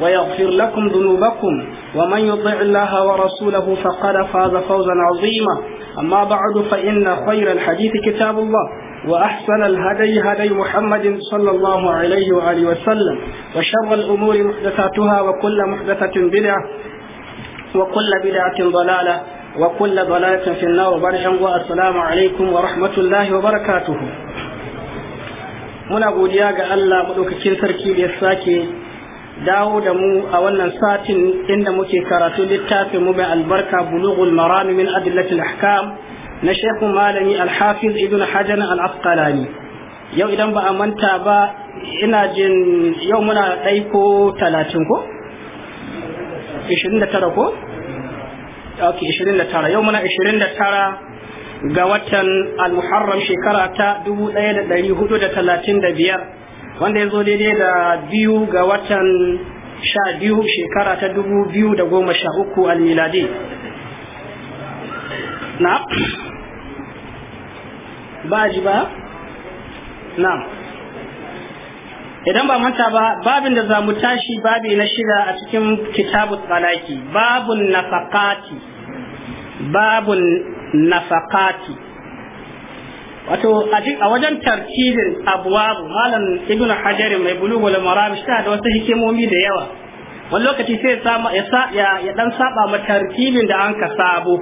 ويغفر لكم ذنوبكم ومن يطع الله ورسوله فقد فاز فوزا عظيما أما بعد فإن خير الحديث كتاب الله وأحسن الهدي هدي محمد صلى الله عليه وآله وسلم وشر الأمور محدثاتها وكل محدثة بدعة وكل بدعة ضلالة وكل ضلالة في النار برحم والسلام عليكم ورحمة الله وبركاته muna godiya ga Allah maɗaukakin sarki da ya dawo da mu a wannan satin inda muke karatu littafin mu mai albarka bulughul maram min adillatil ahkam na shehu malami alhafiz ibn hajar al yau idan ba a manta ba ina jin yau muna ɗai ko talatin ko 29 ko ok 29 yau muna 29 ga watan al-muharram shekara ta 1435 wanda ya zo daidai da biyu ga watan sha biyu shekara ta dubu biyu da goma sha uku almiladi na ba ji ba na idan ba manta ba babin da za mu tashi babi na shida a cikin kitabu tsalaki babun nafakati babun nafakati wato a wajen tartibin abuwabu malam ibn hajar mai bulugul maram shi da wasu hikimomi da yawa wani lokaci sai ya ya dan saba ma tartibin da an ka sabo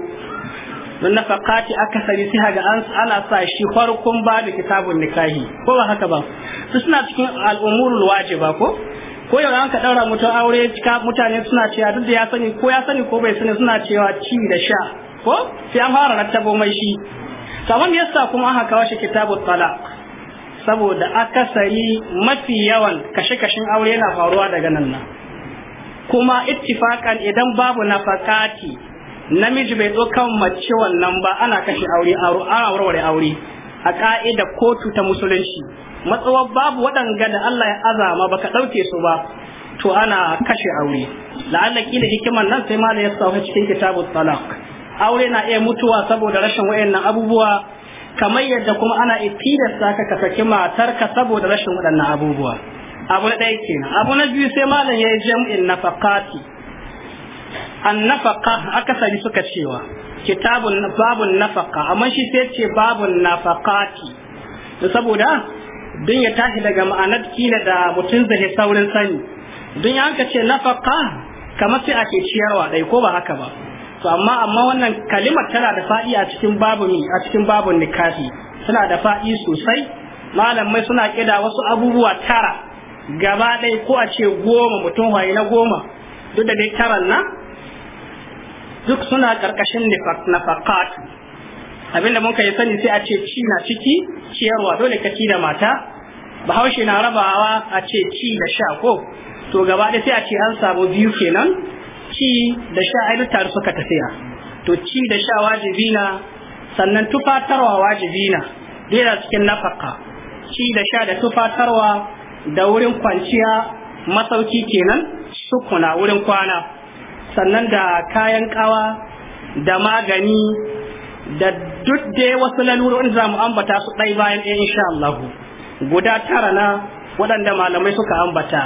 don na fakati sani shi ga ana sa shi farkon babu kitabun nikahi ko ba haka ba su suna cikin al'umurul wajiba ko ko yau an ka daura mutum aure mutane suna cewa duk da ya sani ko ya sani ko bai sani suna cewa ci da sha ko sai an fara rattabo mai shi saman yasa kuma aka kawo shi kitabu talaq saboda akasari mafi yawan kashe-kashen aure yana faruwa daga nan nan kuma ittifakan idan babu nafakati namiji bai zo kan mace wannan ba ana kashe aure ana warware aure a ka'ida kotu ta musulunci matsawar babu waɗanga da Allah ya azama baka ɗauke su ba to ana kashe aure la'alla kila hikiman nan sai ma da ya sauka cikin kitabu talaq aure na iya mutuwa saboda rashin wayannan abubuwa kamar yadda kuma ana tilasta saka ka saki matarka saboda rashin waɗannan abubuwa abu na ɗaya kenan abu na biyu sai malam ya yi jam'in nafaqati aka akasari suka cewa kitabun babun nafaqa amma shi sai ce babun nafaqati saboda din ya tashi daga ma'anar kila da mutum zai saurin sani din ya ce nafaka kamar sai ake ciyarwa ɗai ko ba haka ba to amma amma wannan kalimar tana da faɗi a cikin babun a cikin babun nikahi tana da faɗi sosai malamai suna kida wasu abubuwa tara gaba ɗaya ko a ce goma mutum waye na goma duk da dai taran nan duk suna ƙarƙashin nafakat abinda muka yi sani sai a ce ci na ciki ciyarwa dole ka ci da mata bahaushe na rabawa a ce ci da sha ko to gaba ɗaya sai a ce an samu biyu kenan ci da sha ai tare suka tafiya to ci da sha wajibi na sannan tufatarwa wajibi na yana cikin nafaka ci da sha da tufatarwa da wurin kwanciya masauki kenan sukuna wurin kwana sannan da kayan kawa da magani da duk dai wasu lalurorin za mu ambata su ɗai bayan ɗaya insha Allah guda tara na waɗanda malamai suka ambata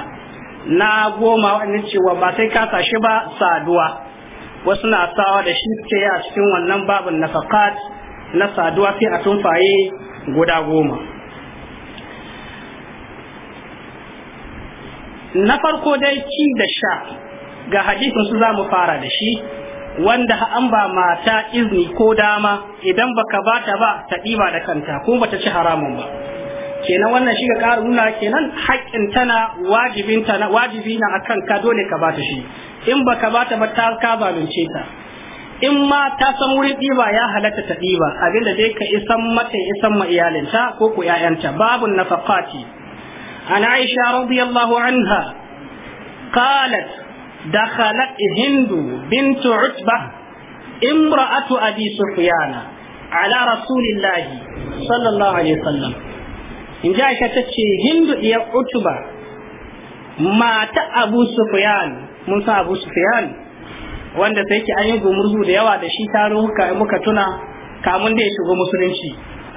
na goma wani cewa ba sai ka tashi ba saduwa wasu na sawa da shi ke a cikin wannan babin na nafakat na saduwa sai a tumfaye guda goma na farko dai ci da sha ga hadisin su za mu fara da shi wanda an ba mata izini ko dama idan baka bata ba ta ɗiba da kanta ko bata ci haramun ba kenan wannan shi ga ƙara nuna kenan haƙƙin tana wajibin tana wajibi na akan ka dole ka bata shi in baka bata ba ta ka zalunce ta in ma ta san wurin ɗiba ya halatta ta ɗiba abinda dai ka isan mata isan ma iyalinta ko ku ƴaƴanta babu nafaqati عن عائشة رضي الله عنها قالت دخلت هند بنت عتبة امرأة أبي على رسول الله صلى الله عليه وسلم in ji aisha ta ce hindu diyar utuba mata abu Sufiyan, mun san abu Sufiyan, wanda sai ki an yi gumurzu da yawa da shi taro ka muka tuna kamun da ya shigo musulunci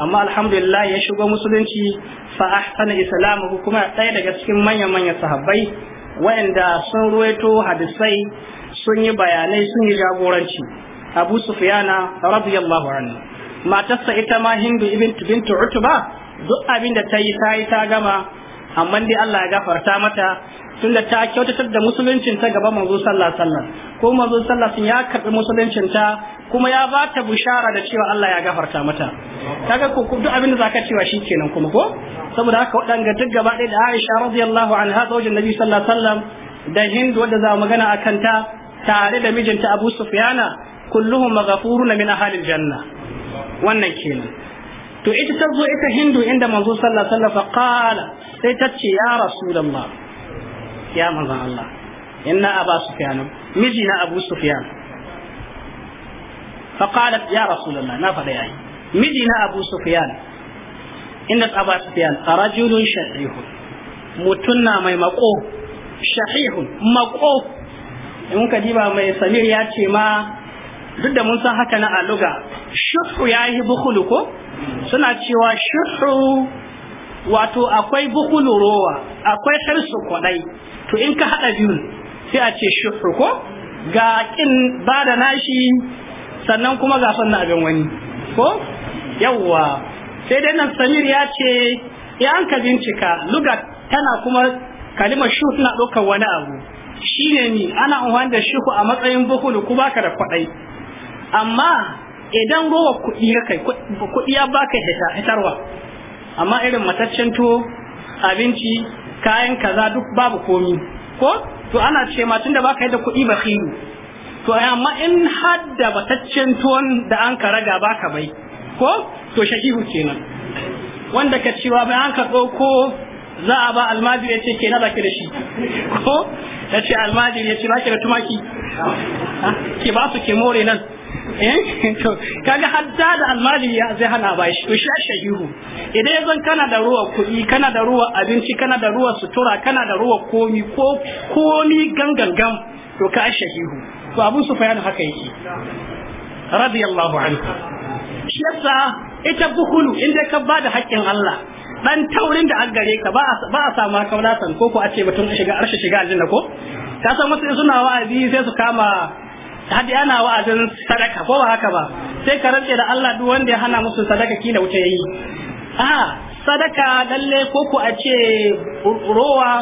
amma alhamdulillah ya shigo musulunci fa ahsana islamu kuma ɗaya daga cikin manyan manyan sahabbai wayanda sun ruwaito hadisai sun yi bayanai sun yi jagoranci abu sufyana radiyallahu anhu matarsa ita ma hindu ibn bintu utba duk abin da ta yi ta yi ta gama amma dai Allah ya gafarta mata tunda ta kyautatar da musuluncin ta gaba manzo sallallahu alaihi ko manzo sallallahu alaihi ya karbi musuluncin ta kuma ya ba ta bushara da cewa Allah ya gafarta mata kaga ku duk abin da zaka cewa shikenan kuma ko saboda haka wadanga duk gaba ɗaya da Aisha radiyallahu anha zaujin Nabi sallallahu alaihi wasallam da Hind wanda za mu magana akan ta tare da mijinta Abu Sufyana kulluhum maghfuruna min ahli janna wannan kenan to ita ta zo ita hindu inda manzo sallallahu alaihi wasallam qala sai ta ce ya rasulullah ya manzo Allah inna aba sufyan miji na abu sufyan fa qalat ya rasulullah na fada yayi miji na abu sufyan inna aba sufyan rajulun shahihun mutun na mai mako shahihun mako in ka diba mai samir ya ce ma duk da mun san haka na aluga shuhu ya yi bukulu ko suna cewa shuhu wato akwai bukulu rowa akwai harsu kwadai to in ka haɗa biyun sai a ce shuhu ko ga kin ba da nashi sannan kuma ga son na abin wani ko yawwa sai dai nan samir ya ce ya ka bincika lugat tana kuma kalima shuhu na ɗaukar wani abu shine ni ana amfani da shuhu a matsayin bukulu ku baka da kwadai amma idan rowa kuɗi ya kai kuɗi ya baka hitarwa amma irin mataccen tuwo abinci kayan kaza duk babu komi ko to ana ce ma tunda baka yadda kuɗi ba khiru to amma in hadda mataccen tuwon da an ka raga baka bai ko to shahihu kenan wanda ka cewa bai an ka ɗauko za a ba almajiri ya ce ke na baki da shi ko ya ce almajiri ya ce baki da tumaki ke ba su ke more nan Eh? kaga hadda da almali ya zai hana ba to shi shahihu idan ya kana da ruwa kuɗi kana da ruwa abinci kana da ruwa sutura kana da ruwa komi ko komi gangangam to ka shahihu to abu sufyan haka yake radiyallahu anhu shi yasa ita bukulu inda ka ba da haƙƙin Allah dan taurin da an gare ka ba a samu kaulatan ko ko a ce mutum shiga arshe shiga aljanna ko ka san wasu suna wa'azi sai su kama hadi ana wa'azin sadaka ko ba haka ba sai ka rantse da Allah duk wanda ya hana musu sadaka kila wuce yayi a sadaka dalle ko ku a ce rowa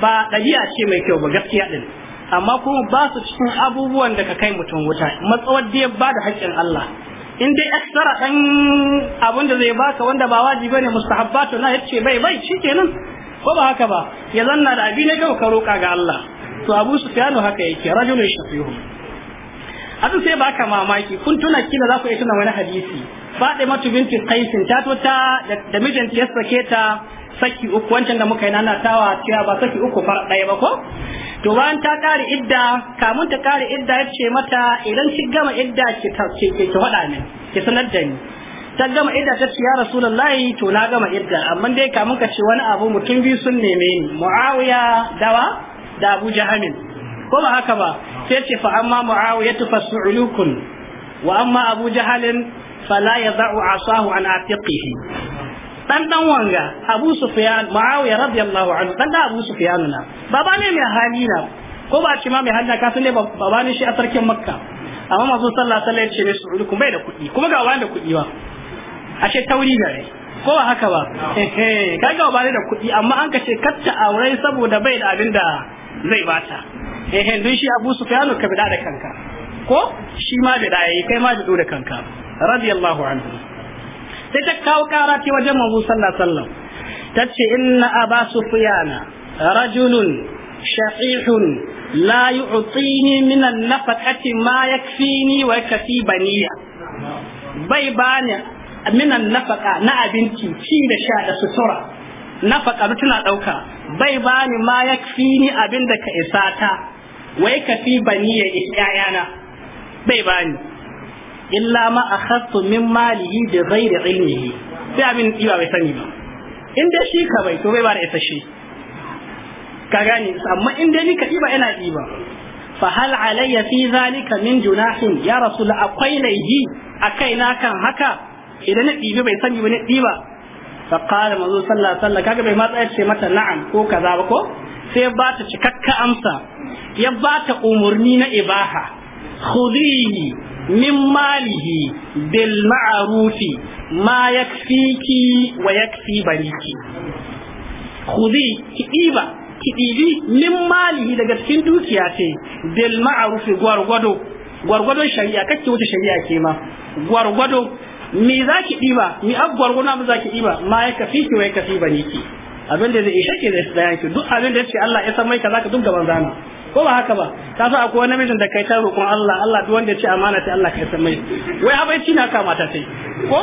ba ɗabi'a ce mai kyau ba gaskiya din amma kuma ba su cikin abubuwan da ka kai mutum wuta matsawar da ya ba da haƙƙin Allah in dai aksara dan abin da zai baka wanda ba wajibi ne mustahabbatu na yace bai bai shikenan ko ba haka ba ya zanna da abin ne ga ka roka ga Allah to Abu Sufyanu haka yake rajulun shafihu abin sai ba ka mamaki kun tuna kila za ku iya tuna wani hadisi Fatima binti Qais ta to ta da mijinta ya sake ta saki uku wancan da muka yi nana tawa cewa ba saki uku far ɗaya ba ko to bayan ta kare idda kamun ta kare idda ya ce mata idan ki gama idda ki ki ki min ki sanar da ni ta gama idda ta ce ya rasulullahi to na gama idda amma dai kamun ka ce wani abu mutum biyu sun neme ni muawiya dawa da abu jahamin ko ba haka ba sai ce fa amma muawiyatu fasu'lukun wa amma abu jahalin fala yada'u asahu an atiqihi dan dan wanga abu sufyan muawiya radiyallahu anhu dan da abu sufyan na baba ne mai hali na ko ba ci ma mai hali ka ne baba ne shi a sarkin makka amma mazu sallallahu alaihi wasallam ce ne bai da kuɗi kuma ga wanda da kuɗi ba ashe tauri gare ko ba haka ba kaga ba ne da kuɗi amma an ka ce katta aurai saboda bai da abin da zai bata eh dun shi Abu Sufyan ka bida da kanka ko shi ma bida yayi kai ma bida da kanka radiyallahu anhu sai ta kawo kara ce wajen Manzo sallallahu alaihi wasallam tace inna Aba Sufyan rajulun shahihun la yu'tini min an-nafaqati ma yakfini wa baniya bai bani min an na abinci ci da sha da sutura nafaka bai bani abinda ka ta. wai ka kafi bani ya iyayana bai bani illa ma a akhadtu min malihi da zai ghairi ilmihi sai abin iya bai sani ba in dai shi ka bai to bai ba da isa shi ka gani. amma in dai ni ka iba ina iba fa hal alayya fi zalika min junahin ya rasul akwai laihi a kaina kan haka idan na ɗibi bai sani ba ne ɗiba fa qala manzo sallah sallah. wasallam kaga bai ma tsaya ce mata na'am ko kaza ba ko sai ba ta cikakka amsa ya ta umurni na ibaha khudhihi min malihi bil ma'rufi ma yakfiki wa yakfi bariki khudhi ki iba ki dibi min malihi daga cikin dukiya ce bil ma'rufi gwargwado gwargwadon shari'a kake wata shari'a ke ma gwargwado me za ki ɗiba mi Me gwargwado abin za ki ɗiba ma ya kafi ki wa ya kafi bane ki abin da zai ishe ki zai tsaya ki duk abin da ya ce Allah ya san mai ka ka duk gaban zana ko ba haka ba ka san akwai wani mijin da kai ta roƙon Allah Allah duk wanda ya ce amana ta Allah kai san mai wai ci na kama ta sai ko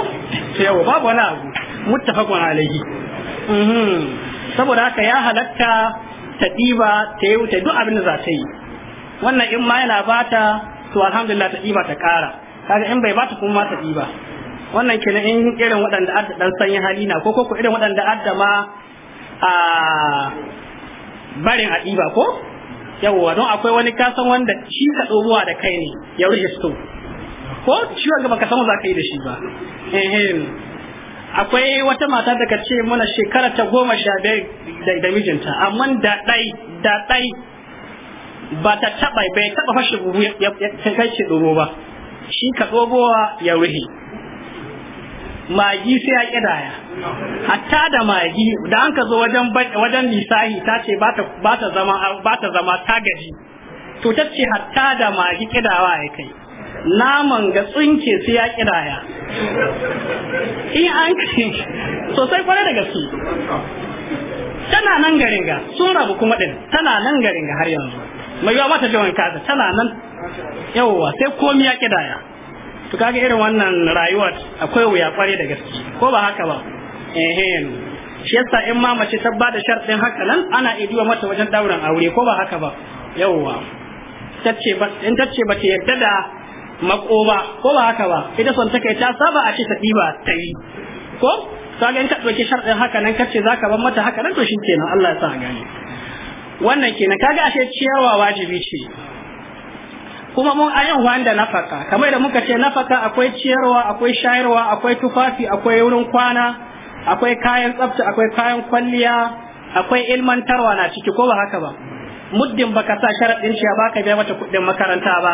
sai yawa babu wani abu muttafaqun alaihi mhm saboda haka ya halatta ta diba ta yi ta duk abin da za ta yi wannan in ma yana bata to alhamdulillah ta diba ta kara kaga in bai bata kuma ma ta diba wannan kenan in irin waɗanda adda dan sanya hali na ko ko irin waɗanda adda ma a ah, barin a ɗiba ko yawwa don akwai wani kasan wanda shi ka ruwa da kai ne ya rufe sto ko shi wanda baka san za ka yi da shi ba akwai wata mata daga ce mana shekara ta goma sha biyar da mijinta amma da ɗai da ɗai ba ta taɓa bai taɓa fashe buhu ya kai shi tsoro ba shi ka tsobowa ya rufe magi sai ya ƙidaya hatta da magi da an ka zo wajen wajen lisahi ta ce ba ta zama ba ta zama ta gaji to ta ce hatta da magi kidawa ya kai naman ga tsinke sai ya kidaya in an sosai kwarai daga su tana nan garin ga sun rabu kuma din tana nan garin ga har yanzu mai yawa mata jiwon kaza. tana nan yawwa sai komi ya kidaya to kaga irin wannan rayuwar akwai wuya kware da gaske ko ba haka ba ehem shi yasa in ma mace ta bada sharɗin haka nan ana idiwa mata wajen ɗaurin aure ko ba haka ba yawwa in ta ce ba ta yadda da mako ba ko ba haka ba ita son take ta saba a ce ta ɗiba ta yi ko kaga in ka ɗauki sharɗin haka nan kace za ka bar mata haka nan to shi kenan Allah ya sa gane wannan kenan kaga ashe ciyarwa wajibi ce kuma mun ayan wanda nafaka kamar da muka ce nafaka akwai ciyarwa akwai shayarwa akwai tufafi akwai wurin kwana akwai kayan tsafta akwai kayan kwalliya akwai ilmantarwa na ciki ko ba haka ba muddin baka sa sharadin shi ba ka biya mata kuɗin makaranta ba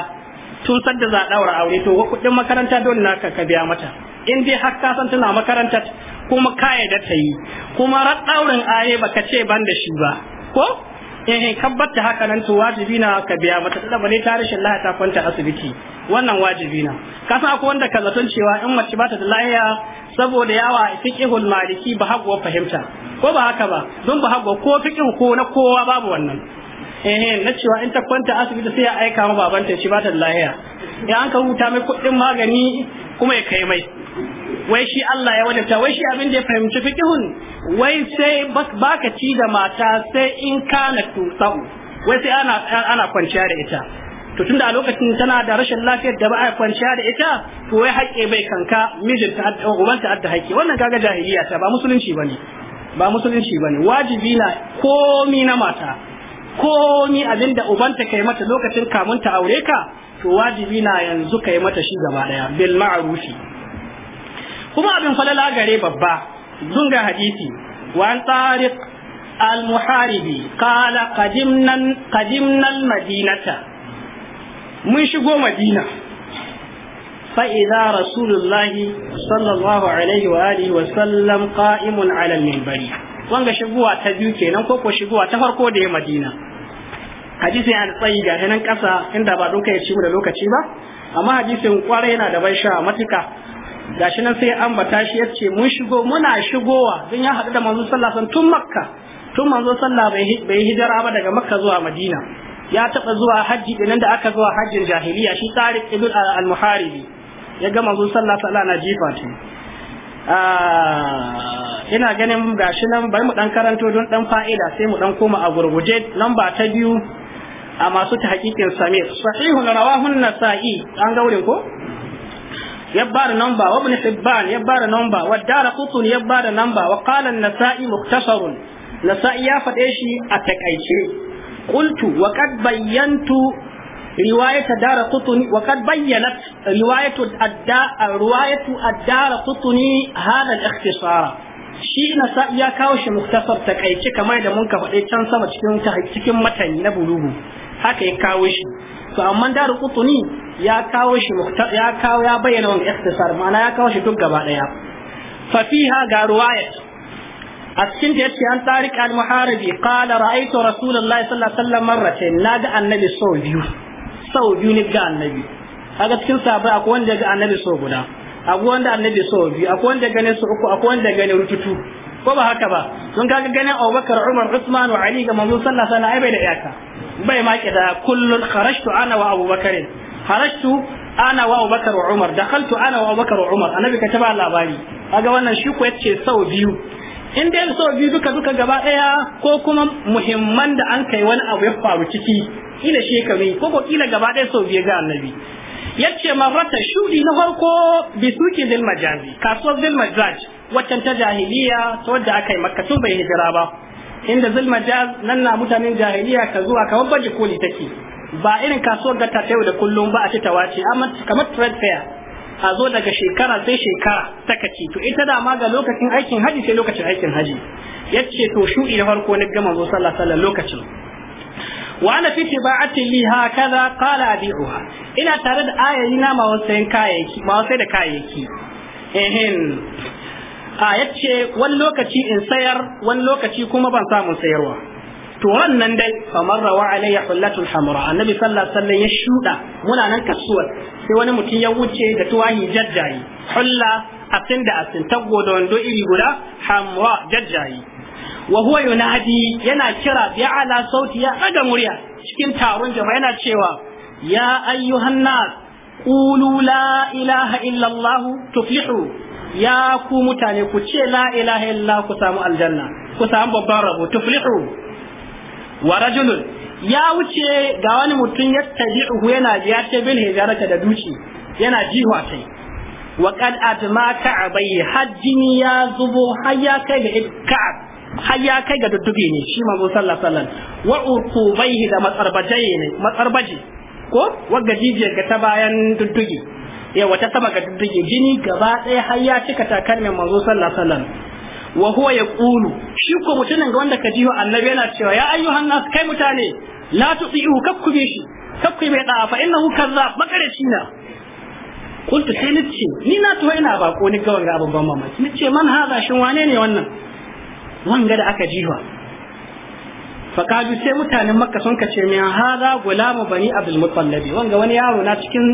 tun da za a daura aure to kuɗin makaranta dole na ka biya mata in dai har ka san tana makaranta kuma kaya da ta yi kuma daurin aye baka ce ban da shi ba ko eh ta haka nan to wajibi na ka biya mata da bane ta rashin lafiya ta kwanta asibiti wannan wajibi na ka san akwai wanda kallaton cewa in mace ba ta da lafiya saboda yawa fiqhul maliki ba hago fahimta ko ba haka ba don ba hago ko fiqh ko na kowa babu wannan eh na cewa in ta kwanta asibiti sai ya aika ma babanta shi ba ta lahiya ya an ka huta mai kuɗin magani kuma ya kai mai wai shi Allah ya wadata wai shi abin da ya fahimci fiqhun wai sai baka ci da mata sai in kana tusau wai sai ana kwanciya da ita to tunda a lokacin tana da rashin lafiyar da ba a kwanciya da ita to wai haƙe bai kanka mijinta ubanta adda haƙƙi wannan kaga jahiliya ta ba musulunci bane ba musulunci bane wajibi na komi na mata komi abinda ubanta kai mata lokacin kamun ta aure ka to wajibi na yanzu kai mata shi gaba daya bil ma'rufi kuma abin falala gare babba zunga hadisi wan tariq al-muharibi qala qadimna qadimna al-madinata mun shigo madina فإذا رسول الله صلى wa عليه وآله وسلم قائم على المنبر wanga shigowa ta biyu kenan ko ko shigowa ta farko da ya madina hadisi yana tsayi ga nan kasa inda ba duka ya ci da lokaci ba amma hadisin kwarai yana da ban sha matuka gashi nan sai an bata shi yace mun shigo muna shigowa don ya haɗu da manzo sallallahu alaihi tun makka tun manzo sallallahu bai hijira ba daga makka zuwa madina ya taba zuwa hajji dinan da aka zuwa hajjin jahiliya shi Tariq ibn al-Muharibi ya ga manzon sallallahu alaihi wasallam na jifa ta ah, ina ganin gashi nan bari mu dan karanto don dan fa'ida sai mu dan koma a gurguje lamba ta biyu a masu ta hakikin sahihu sahihun rawahun nasa'i an gaurin ko يبار نمبا وابن حبان yabbar namba wa qala an-nasa'i muktasarun nasa'i ya fade shi a takaice qultu wa qad bayyantu riwayat dar qutni wa shi na sa ya kawo shi muktasar takaice kamar da mun ka faɗe can sama cikin cikin matani na bulugu haka ya kawo shi to amma daru qutni ya kawo shi ya kawo ya bayyana wannan ikhtisar ma'ana ya kawo shi duk gaba daya fa fiha ga a cikin da yace an tariq al-muharibi qala ra'aytu rasulullahi sallallahu alaihi wasallam marratayn naga annabi biyu sau biyu ne ga annabi kaga cikin sahabbai akwai wanda ga annabi sau guda akwai wanda annabi sau biyu akwai wanda gane uku rututu ko ba haka ba don kaga ganin Abubakar Umar Usman wa Ali ga manzo sallallahu alaihi wasallam ai bai da iyaka bai ma da kullun kharajtu ana wa Abubakar kharajtu ana wa Abubakar wa Umar dakhaltu ana wa Abubakar wa Umar annabi ka taba labari kaga wannan shi ko yace sau biyu in dai so biyu duka duka gaba daya ko kuma muhimman da an kai wani abu ya faru ciki kila shekaru ko ko kila gaba daya so biyu ga annabi yace marrata shudi na farko bi suki dil majazi kasuwar dil majaz wacan ta jahiliya ta wanda aka yi makka tun bai hijira ba inda zil majaz nan na mutanen jahiliya ka zuwa kamar baje koli take ba irin kasuwar gata ta yau da kullum ba a ce ta wace amma kamar trade fair a zo daga shekara sai shekara ta to ita dama ga lokacin aikin haji sai lokacin aikin haji yace to shu ina farko na gama zo sallah sallah lokacin wa ana fi tibaati li kaza qala abi'uha ina tare da ayayi na ma wasayin kayayyaki ma wasai da kayayyaki ehin a yace wani lokaci in sayar wani lokaci kuma ban samu sayarwa to wannan dai kamar rawa alayya hullatul hamra annabi sallallahu alaihi wasallam ya shuda muna nan kasuwar sai wani mutum ya wuce da tuwahi jajjayi hulla asin da asin taggo da wando iri guda hamra jajjayi wa huwa yunadi yana kira bi ala sauti ya daga murya cikin taron jama'a yana cewa ya ayyuhan nas qulu la ilaha illa allah tuflihu ya ku mutane ku ce la ilaha illa ku samu aljanna ku samu babban rabo tuflihu wa rajulun ya wuce ga wani mutum ya tabi'uhu yana ya ce bil hijarata da duci yana jiwa sai wa qad atma ka'bai hajjini ya zubo har ya kai ga ka'ab har ya kai ga dudduge ne shi manzo sallallahu alaihi wasallam wa urqubaihi da matsarbaje ne matsarbaje ko wa jijiyar ga ta bayan dudduge yawa ta sama ga dudduge jini gaba ɗaya har ya cika takalmin manzo sallallahu alaihi wasallam wa huwa yaqulu shi ko mutumin ga wanda ka jiwa annabi yana cewa ya ayyuhan nas kai mutane la tudihu kakkube shi kakkube mai da'a fa innahu kazzab makarici na kuntu sai nace ni na to ina bako ni ga wanga abin ban mamaki nace man haza shin wane ne wannan wanga da aka jiwa fa kaju sai mutanen makka sun kace min haza gulamu bani abdul mutallabi wanga wani yaro na cikin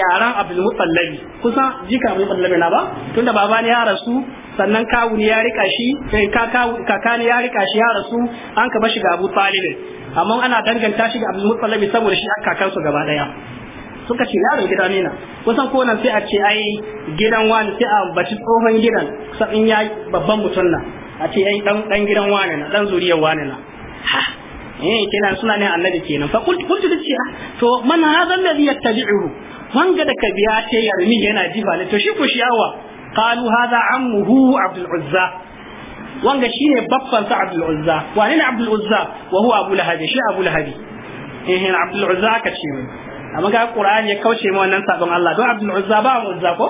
yaran abdul mutallabi kusan jika abdul mutallabi na ba tunda baba ne ya rasu sannan kawun ya rika shi eh, kakani ya rika shi ya rasu an ka bashi ga Abu Talib amma ana danganta shi ga Abu Muttalib saboda shi an kakansu gaba daya suka ce yaron gida ne na kusan ko nan sai a ce ai gidan wani sai a baci tsohon gidan kusan in ya babban mutum na a ce ai dan dan gidan wani na dan zuriyar wani na ha eh kenan suna ne annabi kenan fa kuntu kuntu ce ah, to man hadha alladhi yattabi'uhu wanga da kabiya ce yarmi yana jifa ne to shi ko shi yawa qalu hadha ammuhu abdul uzza wanga shine babban sa abdul uzza wani ne abdul uzza wa huwa abu lahabi shi abu lahabi eh abdul uzza ka ce mai amma ga qur'ani ya kauce mu wannan sabon Allah don abdul uzza ba mu uzza ko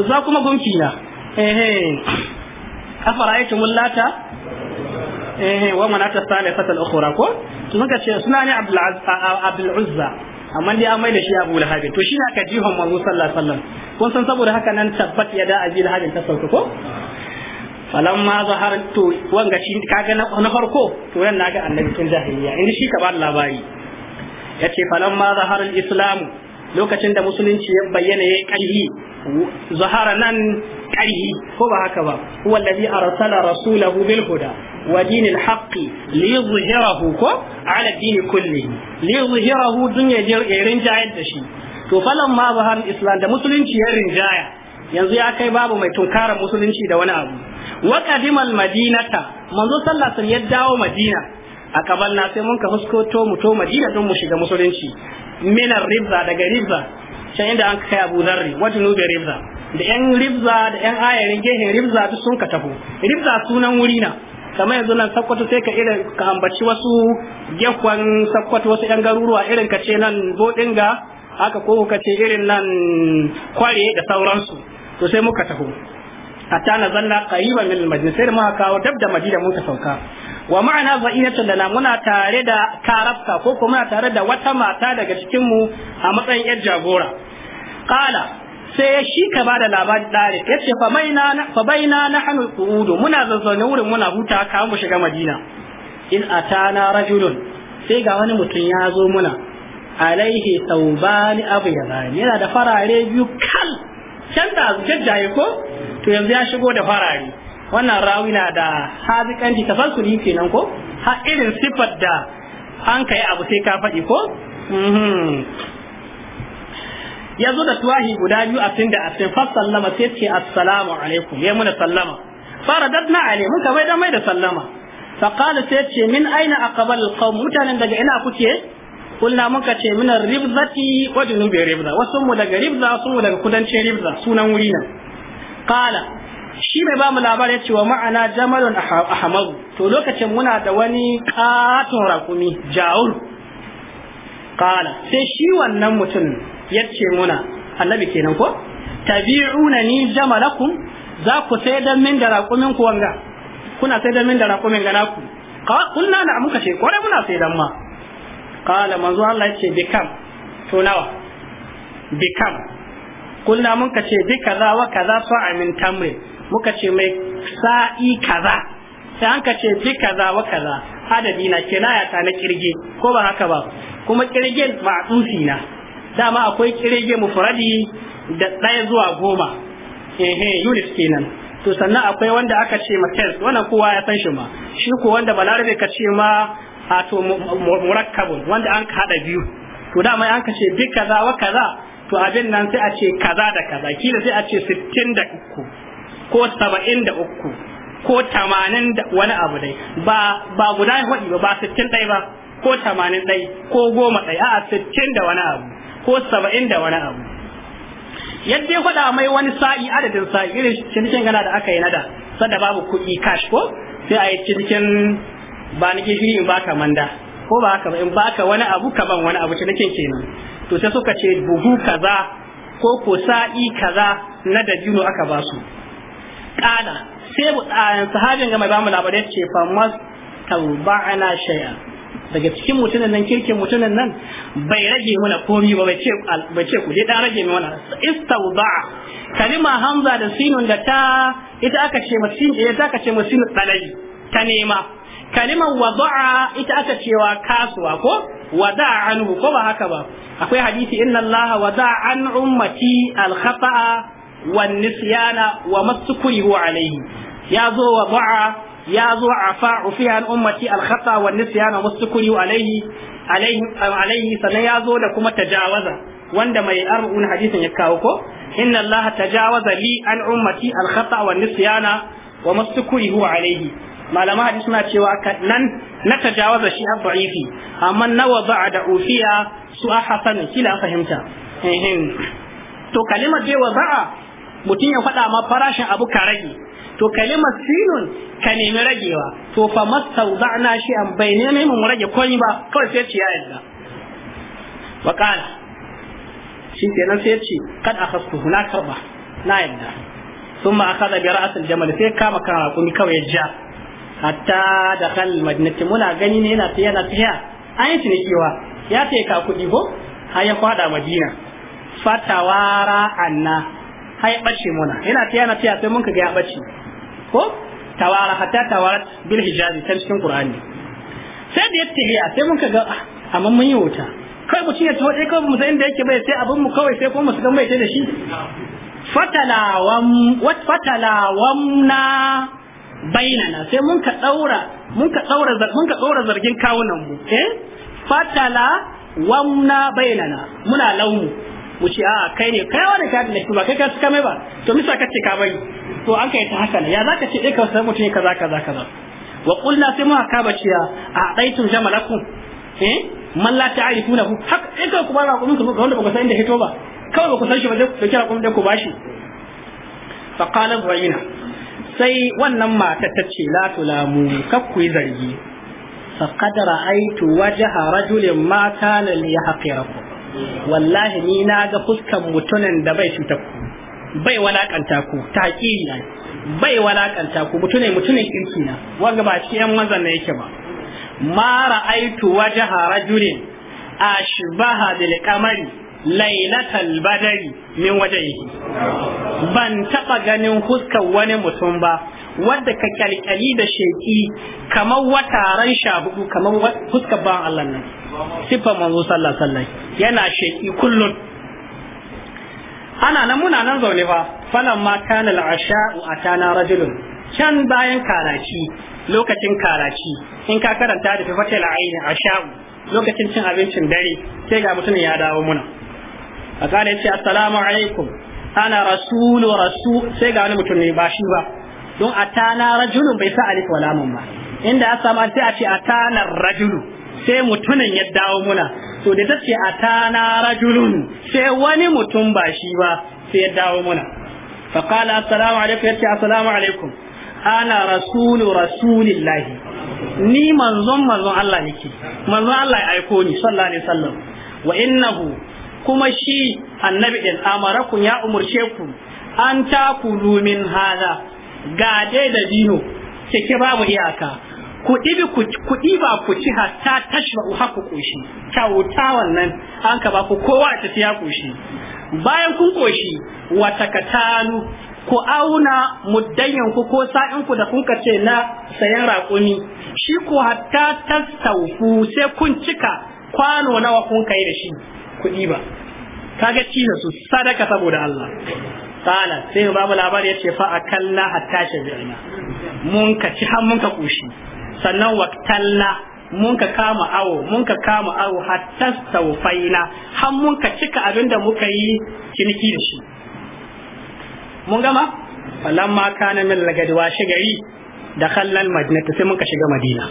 uzza kuma gunki na eh eh afara'aytum lata eh wa manata thalithata al-ukhra ko to muka ce suna ne abdul uzza amma dai an mai da shi abu lahabi to shi aka jihon manzo sallallahu alaihi wasallam kun san saboda haka nan tabbat ya da abi lahabin ta sauka ko falamma zahar to wanga shi kaga na farko to yan naga annabi tun jahiliya inda shi ka ba labari yace falamma zahar al-islam lokacin da musulunci ya bayyana ya kai zahara nan ƙarhi ko ba haka ba huwa alladhi arsala rasulahu bil huda wa dinil haqqi liyuzhirahu ko ala din kullihi ya dunya irin jayar da shi to falan ma har islam da musulunci ya rinjaya yanzu ya kai babu mai tunkarar musulunci da wani abu wa qadimal madinata manzo sallallahu alaihi wasallam ya dawo madina a na sai mun ka fuskoto mu to madina don mu shiga musulunci minar ribza daga ribza can inda an kai abu zarri wata nube ribza da yan ribza da yan ayarin gehen ribza duk sun ka taho ribza sunan wuri na kamar yanzu nan sakkwato sai ka irin ka ambaci wasu gekwan sakkwato wasu yan garuruwa irin ka ce nan ga haka ko ka ce irin nan kware da sauransu to sai muka taho hatta zanna qariban min al-madina sai muka kawo dab da madina mu ta sauka wa ma'ana za'inatan lana muna tare da karabta ko kuma tare da wata mata daga cikin mu a matsayin yar jagora qala sai shi ka bada labarin dare yace fa baina fa baina nahnu muna zazzaune wurin muna huta ka mu shiga madina in atana rajulun sai ga wani mutum ya zo muna alaihi saubani bani. yana da farare biyu kal can da jajjaye ko to yanzu ya shigo da farare wannan rawi na da hazikanci tafakkuri kenan ko har irin sifar da an kai abu sai ka faɗi ko mhm. ya zo da tuwahi guda biyu a fin da a fin fa sallama sai ce assalamu alaikum ya muna sallama fara dadna ale mun ka da mai da sallama fa qala sai ce min aina aqbal alqawm mutanen daga ina kuke kulna mun ka ce min ribzati wa junubi ribza wasu mu daga ribza wasu mu daga kudancin ribza sunan wuri nan qala shi mai bamu labarin ya ce wa ma'ana jamalun ahmadu to lokacin muna da wani katon rakumi jawur kala sai shi wannan mutum yace muna annabi kenan ko tabi'una ni jamalakum za ku sai da min da raƙumin ku wanga kuna sai da min da raƙumin ga naku kunna da muka ce kore muna sai dan ma qala manzo Allah yace bikam to nawa bikam kunna mun ka ce bi kaza wa kaza fa amin tamri muka ce mai sa'i kaza sai an ka ce bi kaza wa kaza adadi na kenaya ta na kirge ko ba haka ba kuma kirgen ma'dusi na dama akwai kirege mufradi da ɗaya zuwa goma ehe unit kenan to sannan akwai wanda aka ce ma test wannan kowa ya san shi ma shi ko wanda balarabe ka ce ma a to murakkabun wanda an haɗa biyu to dama an ka ce duk kaza wa kaza to abin nan sai a ce kaza da kaza kila sai a ce sittin da uku ko saba'in da uku ko tamanin da wani abu dai ba ba guda hudu ba ba sittin ɗaya ba ko tamanin ɗaya ko goma ɗaya a sittin da wani abu ko saba'in da wani abu yadda ya faɗa mai wani sa'i adadin sa'i irin cinikin gana da aka yi nada sada babu kuɗi cash ko sai a yi cinikin ba ni gishiri in baka manda ko ba haka ba in baka wani abu ka ban wani abu cinikin kenan to sai suka ce buhu kaza ko ko sa'i kaza na dabino aka ba su ƙala sai sahabin ga mai bamu labarai ce fa mas tabba'ana shay'a daga cikin mutunan nan kirkin mutunan nan bai rage mana komi ba bai ce ku je dan rage mana istawda kalima hamza da sinun da ta ita aka ce masin eh, ita aka ce masin talai ta nema kalimar wada'a ita aka cewa kasuwa ko wada'a anhu ko ba haka ba akwai hadisi inna allaha wada'a an ummati al khata'a wan nisyana wa masukuri alayhi ya zo wada'a ya zo afa ufiha an ummati al khata wa nisyan mustakuri alaihi alaihi alayhi sannan ya zo da kuma tajawaza wanda mai arba'un hadisin ya kawo ko inna allah tajawaza li an ummati al khata wa nisyan wa mustakuri huwa alayhi. malama hadisi suna cewa nan na tajawaza shi a ba'ifi amma na wada'a da ufiya su a hasan kila fahimta to kalimar dai wada'a mutum ya faɗa ma farashin abu ka rage to kalimar sinun ka nemi ragewa to fa na shi an bai nemi mu rage komai ba kawai sai ci ya yarda wa qala shi nan sai ci kad akhastu na karba na yarda thumma akhadha bi ra's al-jamal sai kama kan hakuri kawai ya ja hatta da kal madinati muna gani ne yana tafiya yana tafiya an yi cinikewa ya tafi ka kuɗi ko har ya fada madina fatawara anna hai bace muna yana tafiya na tafiya sai mun kaga ya bace ko tawara hatta tawara bil hijabi ta cikin qur'ani sai da ya sai mun kaga ah, amma mun yi wuta kai mutum ya tawo dai kawai mu san inda yake bai sai abin mu kawai sai kuma mu san mai da shi fatalawam wat fatalawamna bainana sai mun ka daura mun ka daura mun ka daura zargin kawunan mu eh fatala wamna bainana muna launu mu ce a ah, kai ne kai wani ka da ba kai ka suka mai ba to misa ka ce ka bai to an kai ta haka ne ya zaka ce dai eh, ka san mutum kaza kaza kaza wa qulna sai mu kaba baciya a daitum jamalakum eh man la ta'rifuna hu haka in ka kuma ra kuma kuma wanda ba ku san inda hito ba kawai ba ku san shi ba da kira kuma da ku bashi fa qala ibrahim sai wannan mata ta ce la tulamu ku yi zargi faqad ra'aytu wajha rajulin ma kana li yahqiraku wallahi ni na ga fuskan mutunan da bai cuta ku bai walakanta ku taƙiri na bai walakanta ku mutune mutune kirki na wanga ba ci yan mazan na yake ba ma ra'aitu wajaha rajulin ashbaha bil qamari lailatal badari min wajhihi ban taba ganin huskar wani mutum ba wadda ka kyalkyali da sheki kamar wataran shabudu kamar huskar ban Allah nan sifar manzo sallallahu alaihi yana sheki kullun ana nan muna nan zaune fa falan ma kana al'asha'u atana rajulun can bayan karaci lokacin karaci in ka karanta da fifata aini asha'u lokacin cin abincin dare sai ga mutum ya dawo muna a kana yace assalamu alaikum ana rasulu rasul sai ga wani mutum ne ba shi ba don atana rajulun bai sa alif wala mun ba inda ya sama sai a ce atana rajulu sai mutumin ya dawo muna to da tace atana rajulun sai wani mutum ba shi ba sai ya dawo muna fa qala assalamu alaikum yace assalamu alaikum ana rasulu rasulillah ni manzon manzon Allah nake manzon Allah ya aiko ni sallallahu alaihi wasallam wa innahu kuma shi annabi din amarakun ya umurce ku an takulu min hada ga dai da dino cike babu iyaka ku ɗibi ku ɗiba ku ci hatta tashba uha ku ƙoshi kyauta wannan an ka ba ku kowa ta ya koshi bayan kun ƙoshi wata katanu ku auna muddayen ku ko sa'in ku da kun ka ce na sayan raƙumi shi ku hatta tastauku sai kun cika kwano nawa kun kai da shi ku ɗiba kaga ci da su sadaka saboda Allah qala sai babu labari ce fa akalna hatta shabi'na mun ka ci har mun ka ƙoshi sannan waktalla mun ka kama awo mun ka kama awo hatta saufaina har mun ka cika abinda muka yi ciniki da shi mun gama falan ma kana min lagadi washe gari da kallal madinata sai mun ka shiga madina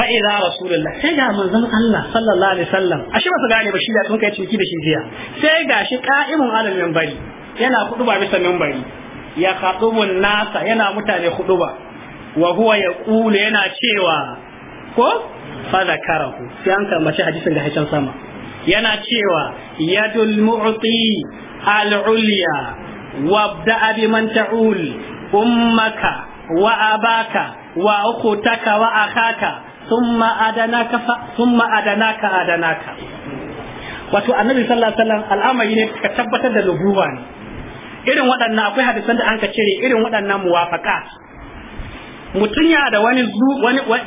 fa idza rasulullah sai ga manzon Allah sallallahu alaihi wasallam ashe ba su gane ba shi da sun kai ciniki da shi jiya sai ga shi qa'imun alal minbari yana kuduba bisa minbari ya khatubu nasa yana mutane kuduba wa huwa yaqulu yana cewa ko fa zakarahu sai an kambaci hadisin ga haishan sama yana cewa yadul mu'ti al-ulya wabda bi man ta'ul ummaka wa abaka wa ukhtaka wa akhaka thumma adanaka fa thumma adanaka adanaka wato annabi sallallahu alaihi wasallam al'amari ne ka tabbatar da lubuwa ne irin waɗannan akwai hadisan da an ka cire irin waɗannan muwafaqat mutum ya da wani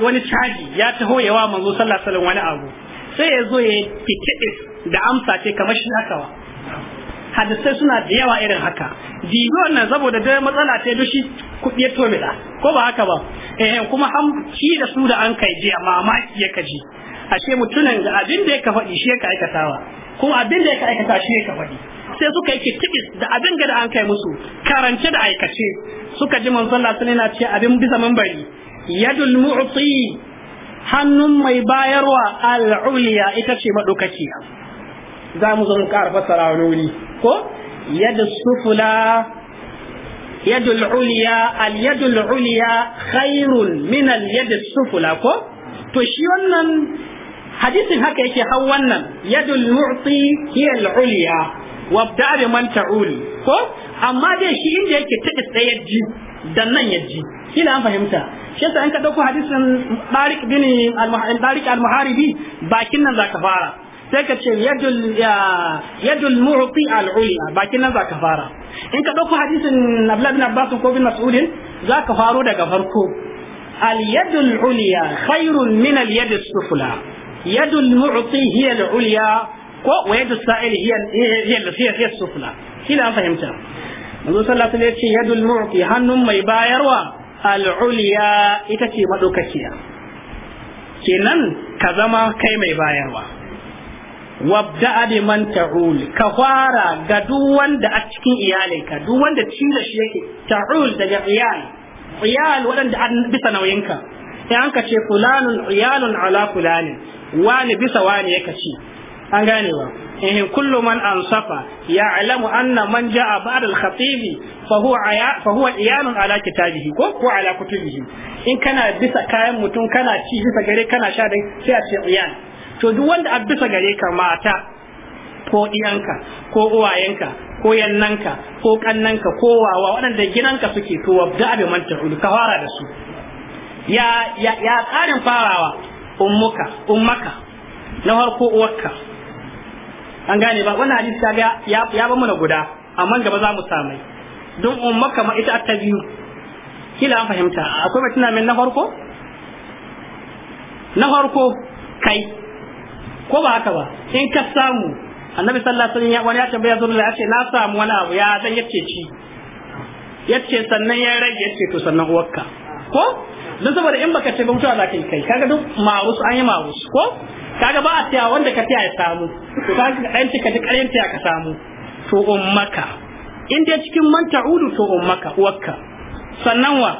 wani caji ya taho yawa manzo sallallahu alaihi wani abu sai ya zo ya fitidis da amsa ce kamar shi hakawa hadisai suna da yawa irin haka dibi nan saboda da matsala ta dushi kuɗi ya to da ko ba haka ba eh kuma han shi da su da an kai je amma mamaki ya kaji ashe mutumin da abin da ya ka faɗi shi ya ka aikatawa kuma abin da ya aikata shi ka faɗi sai suka yi kitibis da abin da an kai musu karance da aikace suka ji manzon Allah sun yana ce abin bisa mambari yadul mu'ti hannun mai bayarwa al'uliya ita ce madaukakiya za mu zo mu ƙara fassara wani wuri ko yadda sufula yadul uliya al yadul uliya khairun min al yadul sufula ko to shi wannan hadisin haka yake hau wannan yadul mu'ti hiya al-ulya wabda bi man ta'ul ko amma dai shi inda yake take tsayar ji dan nan yaji kila an fahimta shi yasa an ka dauko hadisin Tariq bin al-Tariq al-Muharibi bakin nan zaka fara sai ka ce yadul yadul mu'ti al-ulya bakin nan zaka fara in ka dauko hadisin Abdullah bin Abbas ko bin Mas'ud zaka faro daga farko al-yadul ulya khairun min al-yadis sufla yadul mu'ti hiya al-ulya ko wa yadus sa'ili hiya hiya hiya sufla kila fahimta manzo sallallahu alaihi wasallam yace yadul mu'ti hannun mai bayarwa al-ulya ita ce madaukakiya kenan ka zama kai mai bayarwa wabda bi man ta'ul ka fara ga duk wanda a cikin iyalinka duk wanda cin shi yake ta'ul daga iyal iyal waɗanda bisa nauyinka sai an ka ce fulanun iyalun ala fulanin wani bisa wani ya kaci an gane ba in kullu man ansafa alamu anna man ja'a ba'da al-khatibi fa huwa fa huwa iyanun ala kitabihi ko ko ala kutubihi in kana bisa kayan mutum kana ci bisa gare kana sha dai sai a ce iyan to duk wanda a bisa gare ka mata ko iyanka ko uwayenka ko yannanka ko kannanka ko wawa waɗanda gidanka suke to wabda bi manta ka fara da su ya ya ya tsarin farawa ummuka ummaka na harko uwarka an gane ba wannan hadisi ta ga ya ba mana guda amma gaba za mu samai don ummaka ma ita ta biyu kila an fahimta akwai mutuna min na harko na harko kai ko ba haka ba in ka samu annabi sallallahu alaihi wasallam wani ya tambaya zuwa ya ce na samu wani abu ya dan yace ci yace sannan ya rage yace to sannan uwarka ko don saboda in baka ce ba mutuwa za ka yi kai kaga duk ma'arus an yi ma'arus ko kaga ba a tiya wanda ka tiya ya samu to kaga ka ɗan cika duk ƙaryan tiya ka samu to ummaka in dai cikin man ta'udu to ummaka wakka. sannan wa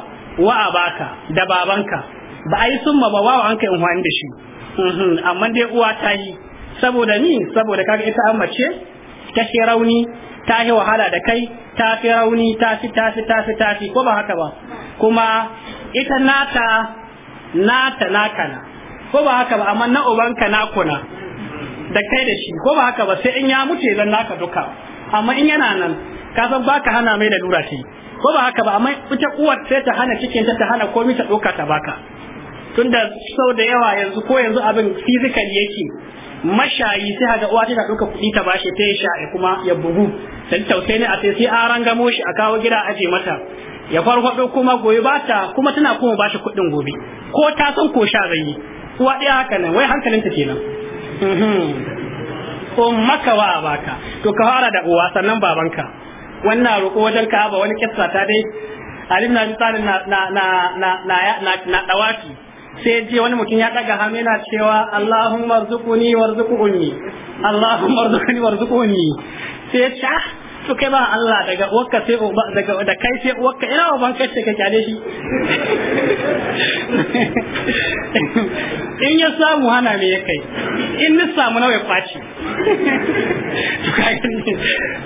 wa abaka da babanka ba a yi summa ba wa an kai in da shi mhm. amma dai uwa ta yi saboda ni saboda kaga ita an mace ta fi rauni ta yi wahala da kai ta fi rauni ta fi ta fi ta fi ta fi ko ba haka ba kuma ita nata nata nakana ko ba haka ba amma na ubanka na, da kai da shi ko ba haka ba sai in ya mutu zan naka duka amma in yana nan ka san baka hana mai da lura shi ko ba haka ba amma ita uwar sai ta hana cikin ta ta hana komai ta doka ta baka tunda sau da yawa yanzu ko yanzu abin physical yake mashayi sai haga uwa ta duka kuɗi ta bashi ta ya sha'i kuma ya bugu sai tausayi ne a sai sai an rangamo shi a kawo gida aje mata ya farfado kuma goyi ta kuma tana kuma shi kuɗin gobe ko ta san ko sha zai uwa ɗaya haka nan wai hankalinta kenan mhm. ko maka wa baka to ka fara da uwa sannan babanka wannan roƙo wajen ka ba wani kissa ta dai alim na na na na na na na sai je wani mutum ya daga hannu yana cewa Allahumma rzuquni warzuquni Allahumma rzuquni warzuquni sai ya ah, to kai ba Allah daga wakka sai uba daga da kai sai wakka ina ba kai sai ka kyale shi in ya samu hana me ya kai in ni samu nawa ya kwaci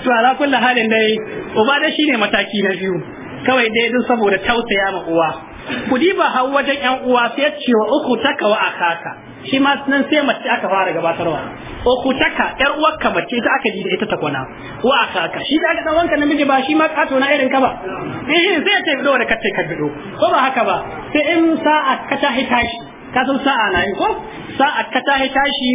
to ala kulli halin dai uba da shine mataki na biyu kawai dai dun saboda tausaya ma uwa ku diba har wajen yan uwa sai ya ce wa uku takawa akaka shi ma nan sai mace aka fara gabatarwa ukutaka yar ka mace ta aka ji da ita ta kwana wa aka shi da aka dan wanka namiji ba shi ma kato na irin ka ba eh sai ya ce bido da kace ka bido ko ba haka ba sai in sa'a ka ta hita shi ka san sa'a na yi ko sa'a ka ta hita shi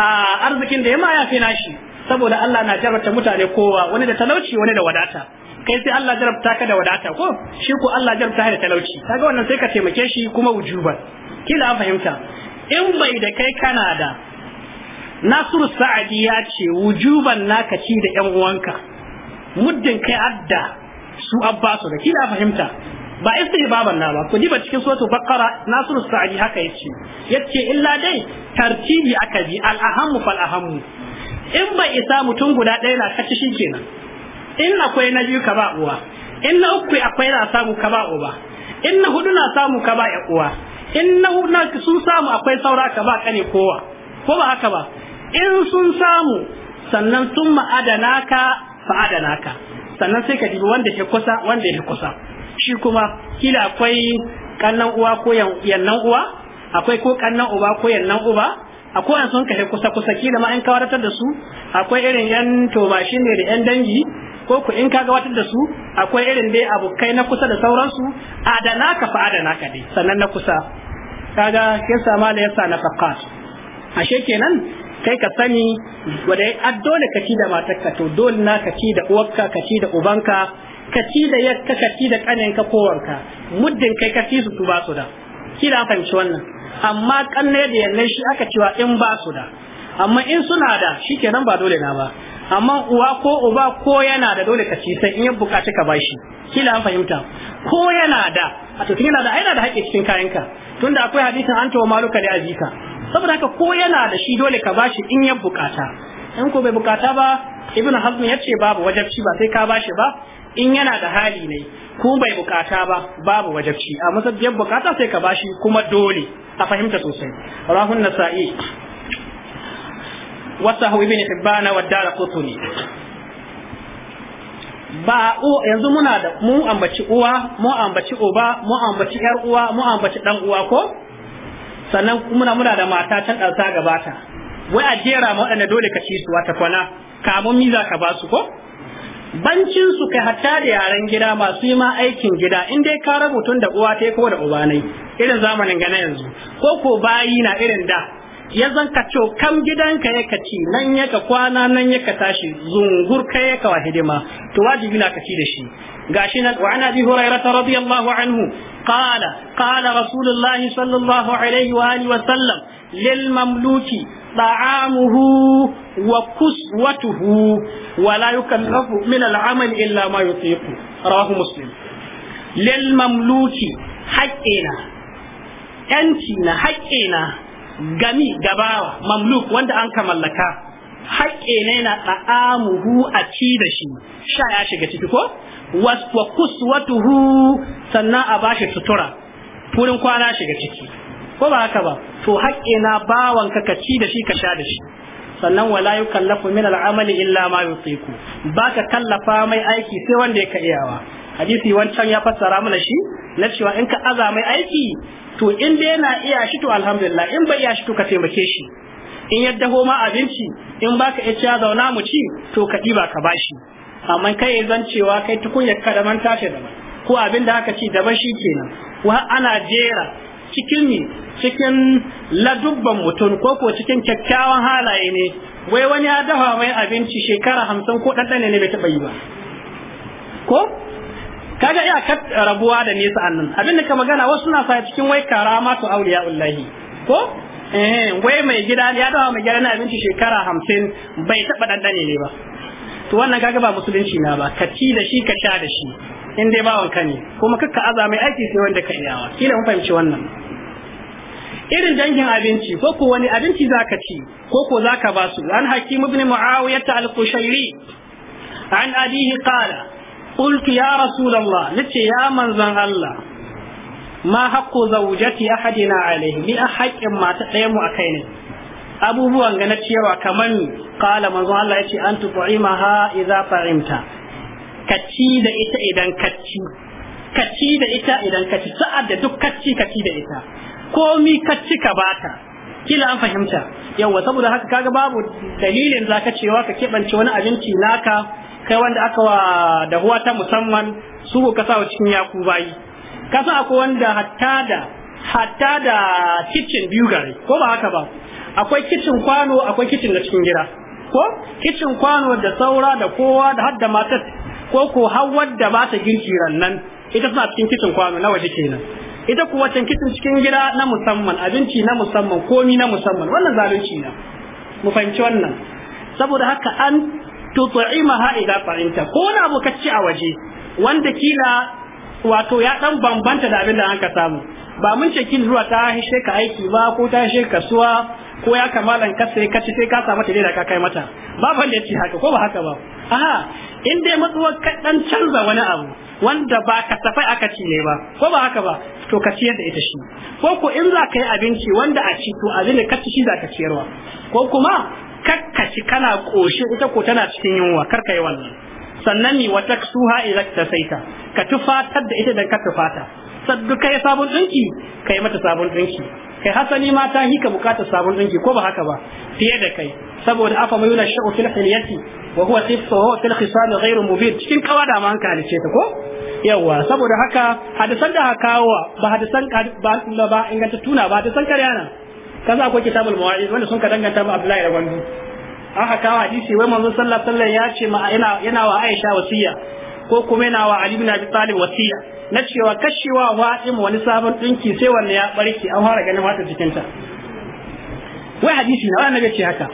a arzikin da ya ma ya fi nashi saboda Allah na jarrata mutane kowa wani da talauci wani da wadata kai sai Allah jarabta ka da wadata ko shi ko Allah jarabta da talauci kaga wannan sai ka taimake shi kuma wujuban kila an fahimta in bai da kai kana da nasiru sa'adi ya ce wujuban naka ci da yan uwanka muddin kai adda su abbasu da kila fahimta ba baban na ba ku ji ba cikin suratul baqara nasiru sa'adi haka yace yace illa dai tartibi aka ji al ahammu fal ahammu in ba isa mutum guda ɗaya na kaci shi kenan in akwai na biyu ka ba uwa in na uku akwai na samu ka ba uba in na hudu na samu ka ba uwa in na hudu na sun samu akwai saura ka ba kane kowa ko ba haka ba in sun samu sannan sun ma'adana ka fa'adana ka sannan sai ka dibi wanda ya kusa wanda ya kusa shi kuma kila akwai kannan uwa ko yannan uwa akwai ko kannan uba ko yannan uba akwai an sun kashe kusa kusa kila ma in ka wadatar da su akwai irin yan tobashi ne da yan dangi ko ku in ka gabatar da su akwai irin dai abokai na kusa da sauransu adana ka fa adana ka dai sannan na kusa kaga kin sama da yasa na faqat ashe kenan kai ka sani wadai ya dole ka ci da matarka to dole na ka ci da uwarka ka ci da ubanka ka ci da yakka ka ci da ka kowarka muddin kai ka ci su su ba su da ki da fahimci wannan amma kanne da yanne shi aka cewa in ba su da amma in suna da shi kenan ba dole na ba amma uwa ko uba ko yana da dole ka ci sai in ya bukaci ka bashi ki an fahimta ko yana da a to yana da aina da haƙƙi cikin kayanka tunda akwai hadisin an tawa maluka da azika saboda haka ko yana da shi dole ka bashi in ya bukata in ko bai bukata ba ibnu hazm ya ce babu wajabci ba sai ka bashi ba in yana da hali ne ko bai bukata ba babu wajabci a masabiyar bukata sai ka bashi kuma dole a fahimta sosai rahun nasa'i wasahu ibn hibbana wa qutni ba yanzu muna da mu ambaci uwa mu ambaci oba, mu ambaci yar uwa mu ambaci dan uwa ko sannan muna muna da mata can ɗansa gabata wai a jera ma waɗanda dole ka ci su wata kwana kamun miza ka ba su ko bancin su kai hatta da yaran gida masu yi ma aikin gida in dai ka rubutun da uwa ta ko da Uba ubanai irin zamanin gana yanzu ko ko bayi na irin da ya zan ka ce kam gidanka ka ka ci nan ya ka kwana nan ya ka tashi zungur kai ya ka hidima to wajibi na ka ci da shi gashi nan wa ana bi hurairata radiyallahu anhu qala qala rasulullahi sallallahu alaihi wa alihi wa sallam lil mamluki ta'amuhu wa kuswatuhu wa la yukallafu min al-amal illa ma yutiqu rawahu muslim lil mamluki haqqina yanci na haqqina gami gabawa mamluk wanda an kamallaka haƙƙe ne na ta'amuhu a ci da shi sha ya shiga ciki ko wa kuswatuhu sannan a bashi sutura wurin kwana shiga ciki ko ba haka ba to na, bawan ka ka ci da shi ka sha da shi sannan wala yukallafu min al'amali illa ma yutiku ka kallafa mai aiki sai wanda ya iyawa hadisi wancan ya fassara mana shi na cewa in ka aza mai aiki to in dai yana iya shi to alhamdulillah in bai iya shi to ka taimake shi in ya daho ma abinci in baka iya zauna mu ci to ka ba ka bashi amma kai zan cewa kai tukunyar ka daban tashi daban ko abin da aka ci daban shi kenan wa ana jera cikin ne cikin ladubban mutum ko ko cikin kyakkyawan halaye ne wai wani ya dafa mai abinci shekara hamsin ko ɗanɗane ne bai taɓa yi ba ko kaga iya rabuwa da nesa annan abin da ka magana wasu na sa cikin wai karama to auliya ullahi ko eh wai mai gida ya dafa mai gida na abinci shekara hamsin bai taɓa ɗanɗane ne ba to wannan kaga ba musulunci na ba ka ci da shi ka sha da shi in dai bawon ka ne kuma kakka aza mai aiki sai wanda ka iyawa kila mun fahimci wannan irin dangin abinci ko ko wani abinci zaka ci ko ko zaka ba su an hakim ibn muawiyah al-qushayri an abihi qala قلت يا رسول الله لتي يا من زن الله ما حق زوجتي أحدنا عليه مي ما تقيم ne. abubuwan ga na cewa kamar kala manzon Allah yace an tu'imaha idza fa'imta kaci da ita idan kaci kaci da ita idan kaci sa'ad da duk kaci kaci da ita komi kaci ka baka kila an fahimta yawa saboda haka kaga babu dalilin zaka cewa ka kebance wani abinci naka kai wanda aka wa da huwa ta musamman su ka sa cikin yaku bayi ka sa akwai wanda hatta da hatta da kitchen biyu gare ko ba haka ba akwai kicin kwano akwai kicin na cikin gida ko kicin kwano da saura da kowa da hadda matar ko ko har da ba ta girki rannan ita tana cikin kicin kwano na waje kenan ita kuwa can kicin cikin gida na musamman abinci na musamman komi na musamman wannan zalunci na mu fahimci wannan saboda haka an tut'imaha idza fa'inta ko na abu a waje wanda kila wato ya dan bambanta da abin da an ka samu ba mun ce kin zuwa ta shi ka aiki ba ko ta hishe kasuwa ko ya kamalan ka sai ka ci sai ka samu ta da ka kai mata ba ban da ci haka ko ba haka ba aha in dai matsuwar kaɗan canza wani abu wanda ba kasafai aka ci ne ba ko ba haka ba to ka ciyar da ita shi ko ko in za ka yi abinci wanda a ci to abin da ka ci shi za ka ciyarwa ko kuma kakkaci kana ƙoshi ita ko tana cikin yunwa kar ka yi wannan sannan ni wata suha ta saita ka tufatar da ita dan ka tufata sadduka ya sabon dinki kai mata sabon dinki kai hasali ma ta yi ka bukatar sabon dinki ko ba haka ba fiye da kai saboda afa mai yuna sha'u fil hilyati wa huwa tifsu wa fil khisam ghairu mubin cikin kawada ma an ce ta ko yawa saboda haka hadisan da haka kawo ba hadisan ba ba inganta tuna ba hadisan karyana kaza akwai kitabul mawaid wanda sun ka danganta ba Abdullahi da Gwandu An kawo hadisi wai manzon sallallahu alaihi wasallam ya ce ma yana yana wa Aisha wasiya ko kuma yana wa Ali bin Abi Talib wasiya na cewa kashewa Fatima wani sabon dinki sai wanne ya barke an fara ganin wata cikin ta wai hadisi na wannan ce haka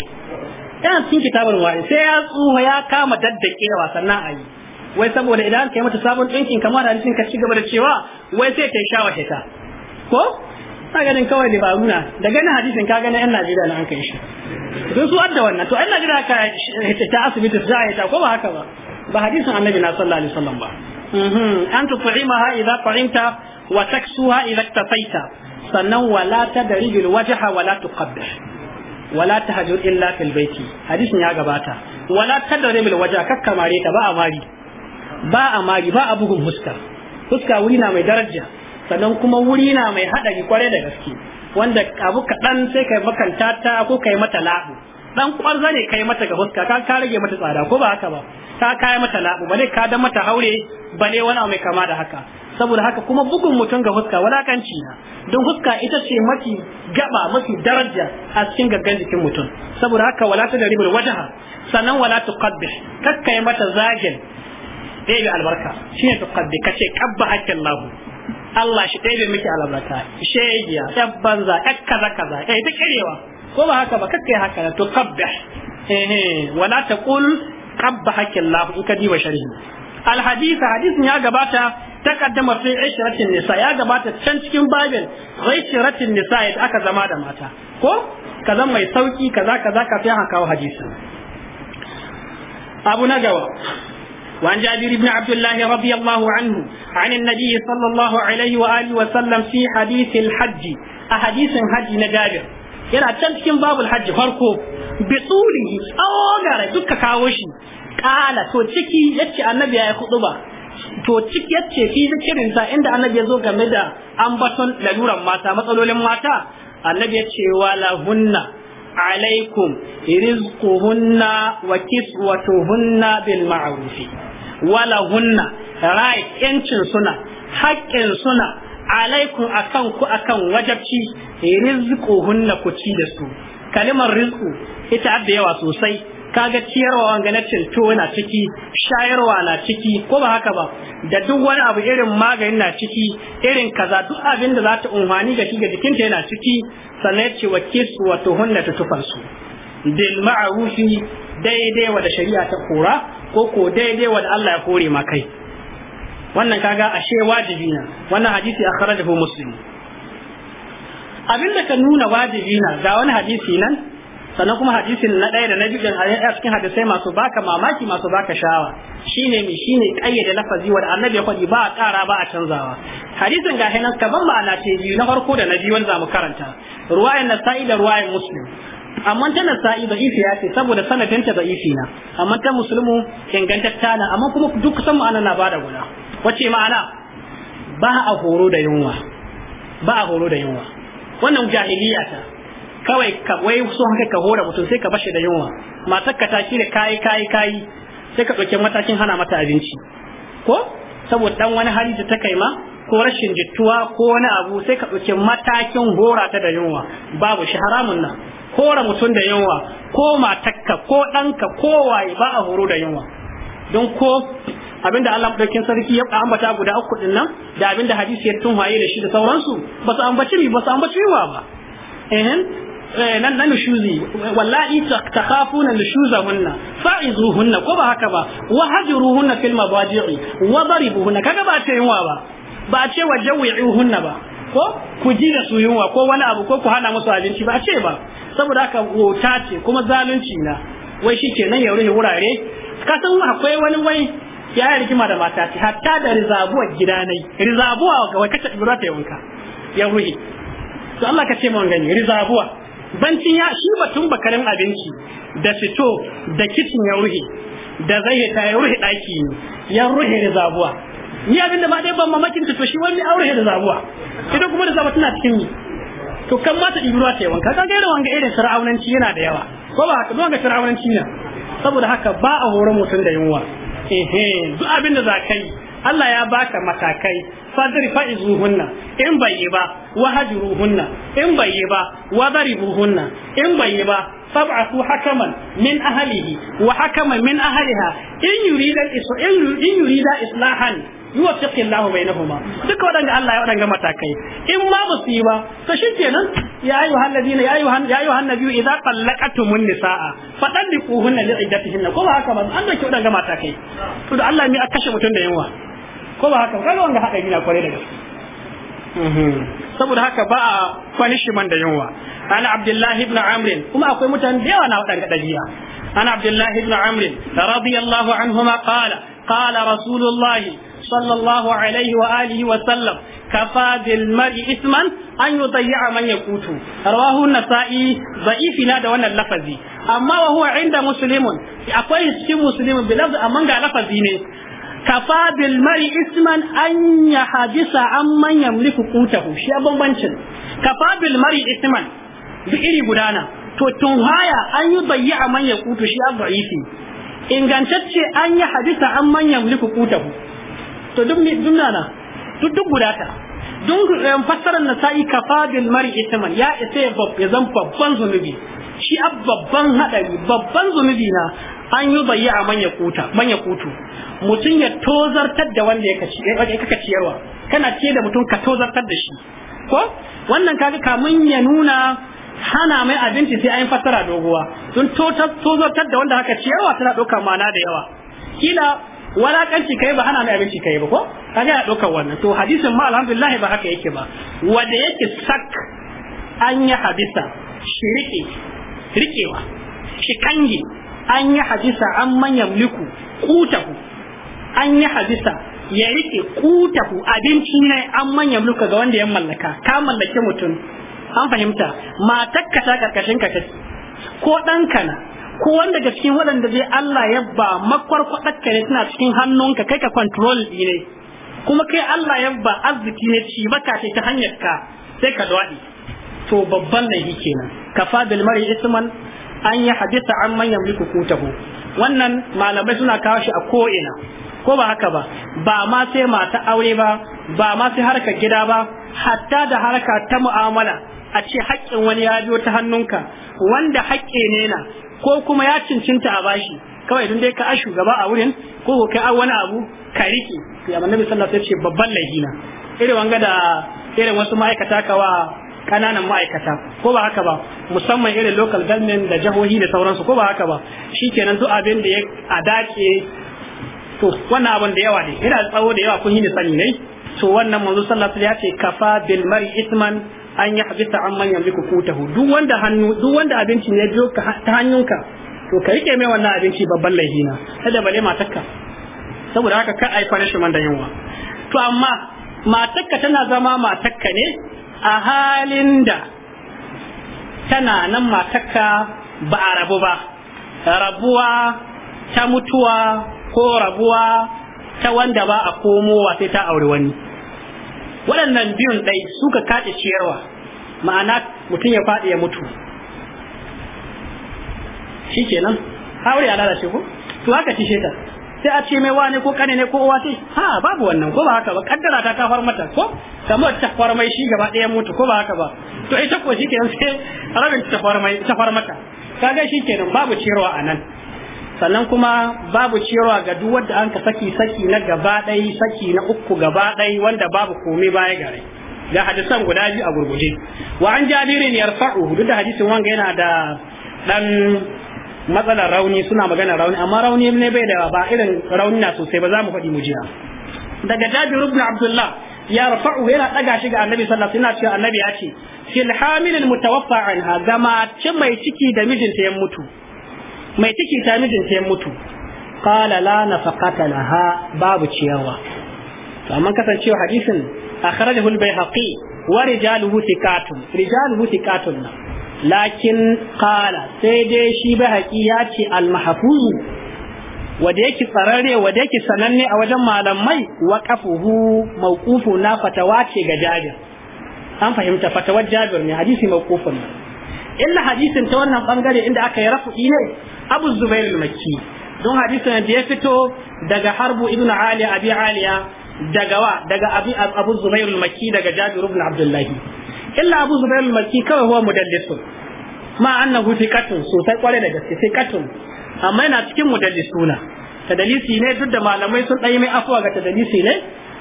yana cikin kitabul wahid sai ya tsuha ya kama wa sannan ayi wai saboda idan kai mata sabon dinkin kamar hadisin ka ci gaba da cewa wai sai ta shawa ta ko ta ganin kawai da baruna, da ganin hadisin ka gani yan Najeriya na an kai shi don su adda wannan to yan Najeriya ka ta asibiti za a yi ta ko ba haka ba ba hadisin annabi na sallallahu alaihi wasallam ba mhm. an tut'imaha idza ta'imta wa taksuha idza iktafaita sannan wala tadrijul wajha wala tuqabbih wala tahjur illa fil baiti hadisin ya gabata wala tadrijul wajha kakkamare ta ba amari ba amari ba abugun fuska, fuska wuri na mai daraja sannan kuma wuri na mai hadari kwarai da gaske wanda abu kaɗan sai kai makanta ta ko kai mata labu dan kwarza ne kai mata ga huska ka ka rage mata tsada ko ba haka ba ta kai mata labu bane ka dan mata haure bane wani mai kama da haka saboda haka kuma bugun mutum ga huska walakanci na don huska ita ce mafi gaba mafi daraja a cikin gaggan jikin mutum saboda haka wala ta daribul wajha sanan wala ka kai mata zagin bi albarka shine ka ce qabba hakkin lahu Allah shi ɗebe miki albarka ya yi yabbanza yakkaza kaza eh ta kirewa ko ba haka ba kakkai haka To tuqabbih eh wala taqul qabbaha Allah in ka diba sharhi al hadith hadithin ya gabata taqaddama fi ishratin nisa ya gabata can cikin babin ishratin nisa yadda aka zama da mata ko kaza mai sauki kaza kaza ka fi kawo hadisi abu na gaba وعن جابر بن عبد الله رضي الله عنه عن النبي صلى الله عليه وآله وسلم في حديث الحج أحاديث نجابر yana can cikin babul hajji farko bi tsuri awogare duka kawo shi kala to ciki yace annabi ya kudu ba to ciki yace fi zikirin sa inda annabi ya zo game da ambaton laluran mata matsalolin mata annabi ya ce wala hunna alaikum rizquhunna wa kiswatuhunna bil ma'ruf wala hunna right yancin suna haƙƙin suna alaikum akan ku akan wajabci eh, hunna ku ci da su kalimar rizqu ita da yawa sosai kaga ciyarwa wanga na cinto na ciki shayarwa na ciki ko ba haka ba da duk wani abu irin magani na ciki irin kaza duk abin da za ta umfani ga ga jikinta yana ciki sannan ce wa kisu wa tuhunna ta tufan su bil ma'rufi daidai wa da shari'a ta kora ko ko daidai wa da Allah ya kore ma kai wannan kaga ashe wajibi na wannan hadisi akhrajahu muslim abin da ka nuna wajibi na ga wani hadisi nan sannan kuma hadisin na ɗaya da na biyu a cikin hadisai masu baka mamaki masu baka shawa shine mi shine kayyade lafazi wa annabi ya faɗi ba a ƙara ba a canzawa hadisin ga hinan ka ban ma'ana ce biyu na farko da na biyu wanda zamu karanta ruwayan nasa'i da ruwayan muslim amma ta nasa'i da ifi ya ce saboda sanadinta da ifi na amma ta muslimu ingantatta na amma kuma duk san ma'ana na bada guda wace ma'ana ba a horo da yunwa ba a horo da yunwa wannan jahiliya ta kawai ka wai so haka ka hora mutum sai ka bashi da yunwa matar ka taki da kayi kayi kayi sai ka ɗauki matakin hana mata abinci ko saboda dan wani hali da ta kai ma ko rashin jittuwa ko wani abu sai ka ɗauki matakin hora ta da yunwa babu shi haramun nan hora mutum da yunwa ko matakka ko danka ko waye ba a horo da yunwa don ko abinda Allah madaukin sarki ya ambata guda uku din nan da abinda hadisi ya tunhaye da shi da sauransu ba su ambaci mi ba su ambaci wa ba ehin eh, nan nan shuzi wallahi takhafuna fa'izuhunna ko ba haka ba wa fil mabadi'i wa kaga ba ta yunwa ba ba ce wa jawi'uhunna ba ko ku ji da su yunwa ko wani abu ko ku hana musu abinci ba a ce ba saboda haka wota ce kuma zalunci na wai shi kenan ya rufe wurare kasan akwai wani wai ya yi rikima da mata ce hatta da rizabuwa gida ne rizabuwa ga wata ta ibra ta yanka ya ruhi to Allah ka ce mun gani rizabuwa bancin ya shi batun bakarin abinci da fito da kitchen ya ruhi da zai ta ya ruhi daki ya ruhi rizabuwa ni abinda ba dai ban mamakin ta to shi wani aure da rizabuwa? ita kuma da zaba tana cikin ni to kan ma ta ibra ta yanka kaga irin wanga irin shar'aunanci yana da yawa ko ba haka don ga shar'aunanci ne saboda haka ba a horon mutum da yunwa ehe duk abin da za ka yi Allah ya baka matakai fadri fa'izuhunna in bai yi ba wahajruhunna in bai yi ba wadribuhunna in bai yi ba fab'athu hakaman min ahlihi wa hakaman min ahliha in yurida in yurida islahan yuwaffiqu Allahu bainahuma duka wadanga Allah ya wadanga matakai in ma ba su yi ba to shikenan ya ayyuhal ladina ya ayyuhan ya ayyuhan nabiyyu idza talaqatumun nisaa fadalliquhunna li'iddatihinna ko ba haka ba an doke wadanga matakai to da Allah mai a kashe mutun da yawa ko ba haka ba kaga wanda haka yana kware daga gaske mhm. saboda haka ba a punishment da yunwa. ana abdullahi ibn amr kuma akwai mutane da yawa na wadanga dabiya ana abdullahi ibn amr radiyallahu ma qala qala rasulullahi صلى الله عليه وآله وسلم كفى بالمرء إثما أن يضيع من يقوته رواه النسائي ضعيف نادى وانا اللفظي أما وهو عند مسلم أقوي شي مسلم بلفظ أمانغا لفظي كفى بالمرء إثما أن يحدث عمن يملك قوته شي أبو بنشن كفى بالمرء إثما بإري بدانا to tun haya an yi bayyi a manyan kutu shi a ingancacce an yi hadisa an manyan liku kutahu to duk ne duk nana duk duk gudata duk fassarar nasa'i kafa bil mar'i itama ya isa ya zan babban zunubi shi babban hadari babban zunubi na an yi bayi a manya kuta manya kutu mutum ya tozartar da wanda ya kaci ciyarwa kana ce da mutum ka tozartar da shi ko wannan kaga kamun ya nuna hana mai abinci sai an fassara doguwa don tozartar da wanda haka ciyarwa tana ɗaukar mana da yawa kila walakanci kai ba hana mai abinci kai ba ko kaga ya ɗaukar wannan to hadisin ma alhamdulillah ba haka yake ba wanda yake sak an yi hadisa shi riƙe riƙewa shi kange an yi hadisa an manyan liku kutahu an yi hadisa ya riƙe kutahu abinci ne an manyan liku ga wanda ya mallaka ka mallaki mutum an fahimta matakka ta karkashin ka ko dan kana. ko wanda daga cikin waɗanda zai Allah ya ba makwarkwadar ka ne suna cikin hannunka kai ka control ne kuma kai Allah ya ba arziki ne ci baka ce ta hanyar ka sai ka dawadi to babban laifi kenan kafa bil mar'i isman an ya hadisa an man yamliku kutahu wannan malamai suna kawo shi a ko ina ko ba haka ba ba ma sai mata aure ba ba ma sai harkar gida ba hatta da harka ta mu'amala a ce haƙƙin wani ya biyo ta hannunka wanda haƙƙi ne na ko kuma ya cincinta a bashi kawai don dai ka a shugaba a wurin ko ko kai wani abu ka rike ya manna bi sallallahu alaihi wasallam ce babban laihina irin wanga da irin wasu ma'aikata kawa kananan ma'aikata ko ba haka ba musamman irin local government da jahohi da sauransu ko ba haka ba shikenan duk abin da ya a dace to wannan abin da yawa ne yana tsawo da yawa kun yi sani ne to wannan manzo sallallahu alaihi wasallam ya ce kafa bil mar'i isman an yi habisa an manya miku futahu duk wanda hannu duk wanda abinci ya biyo ta hannunka to ka rike mai wannan abinci babban laifi na kada bale matakka saboda haka ka ai punishment da yunwa to amma matakka tana zama matakka ne a halin da tana nan matakka ba a rabu ba rabuwa ta mutuwa ko rabuwa ta wanda ba a komowa sai ta auri wani waɗannan biyun ɗai suka kaɗe ciyarwa ma'ana mutum ya faɗi ya mutu shi kenan haure a lalace ko to haka ci shekar sai a ce mai wane ko kane ne ko uwa ce ha babu wannan ko ba haka ba kaddara ta ta far mata ko kamar ta far mai shi gaba ɗaya mutu ko ba haka ba to ita ko shi nan sai rabin ta far mai ta far mata kaga shi kenan babu ciyarwa a nan sannan kuma babu ciyarwa ga duk wanda an ka saki saki na gaba ɗai saki na uku gaba ɗai wanda babu komai baya gare ga hadisan guda biyu a gurguje wa an jabirin yarfa'u duk da hadisin wanga yana da dan matsalar rauni suna magana rauni amma rauni ne bai da ba irin rauni na sosai ba za mu faɗi mu jira. daga jabir ibn abdullah ya rafa'u yana daga shi ga annabi sallallahu alaihi wasallam annabi ya ce fil hamilil mutawaffa anha ga mace mai ciki da mijinta ya mutu mai ciki ta mijin ta mutu qala la nafaqata laha babu ciyawa to amma kasancewa hadisin akhrajahu al-baihaqi wa rijaluhu thiqatun rijaluhu thiqatun lakin qala sai dai shi baihaqi ya ce al-mahfuz wanda yake tsararre wanda yake sananne a wajen malamai waqafuhu mawqufu na fatawa ce ga jabir an fahimta fatawar jabir ne hadisi mawqufun illa hadisin ta wannan bangare inda aka yi rafu'i ne abu zubair makki don hadisin da ya fito daga harbu ibn ali abi aliya daga wa daga abi abu zubair makki daga jabir ibn abdullahi illa abu zubair makki kawai huwa mudallisun ma annahu thiqatun sosai kware daga gaske thiqatun amma yana cikin mudallisuna tadalisi ne duk da malamai sun dai mai afwa ga tadalisi ne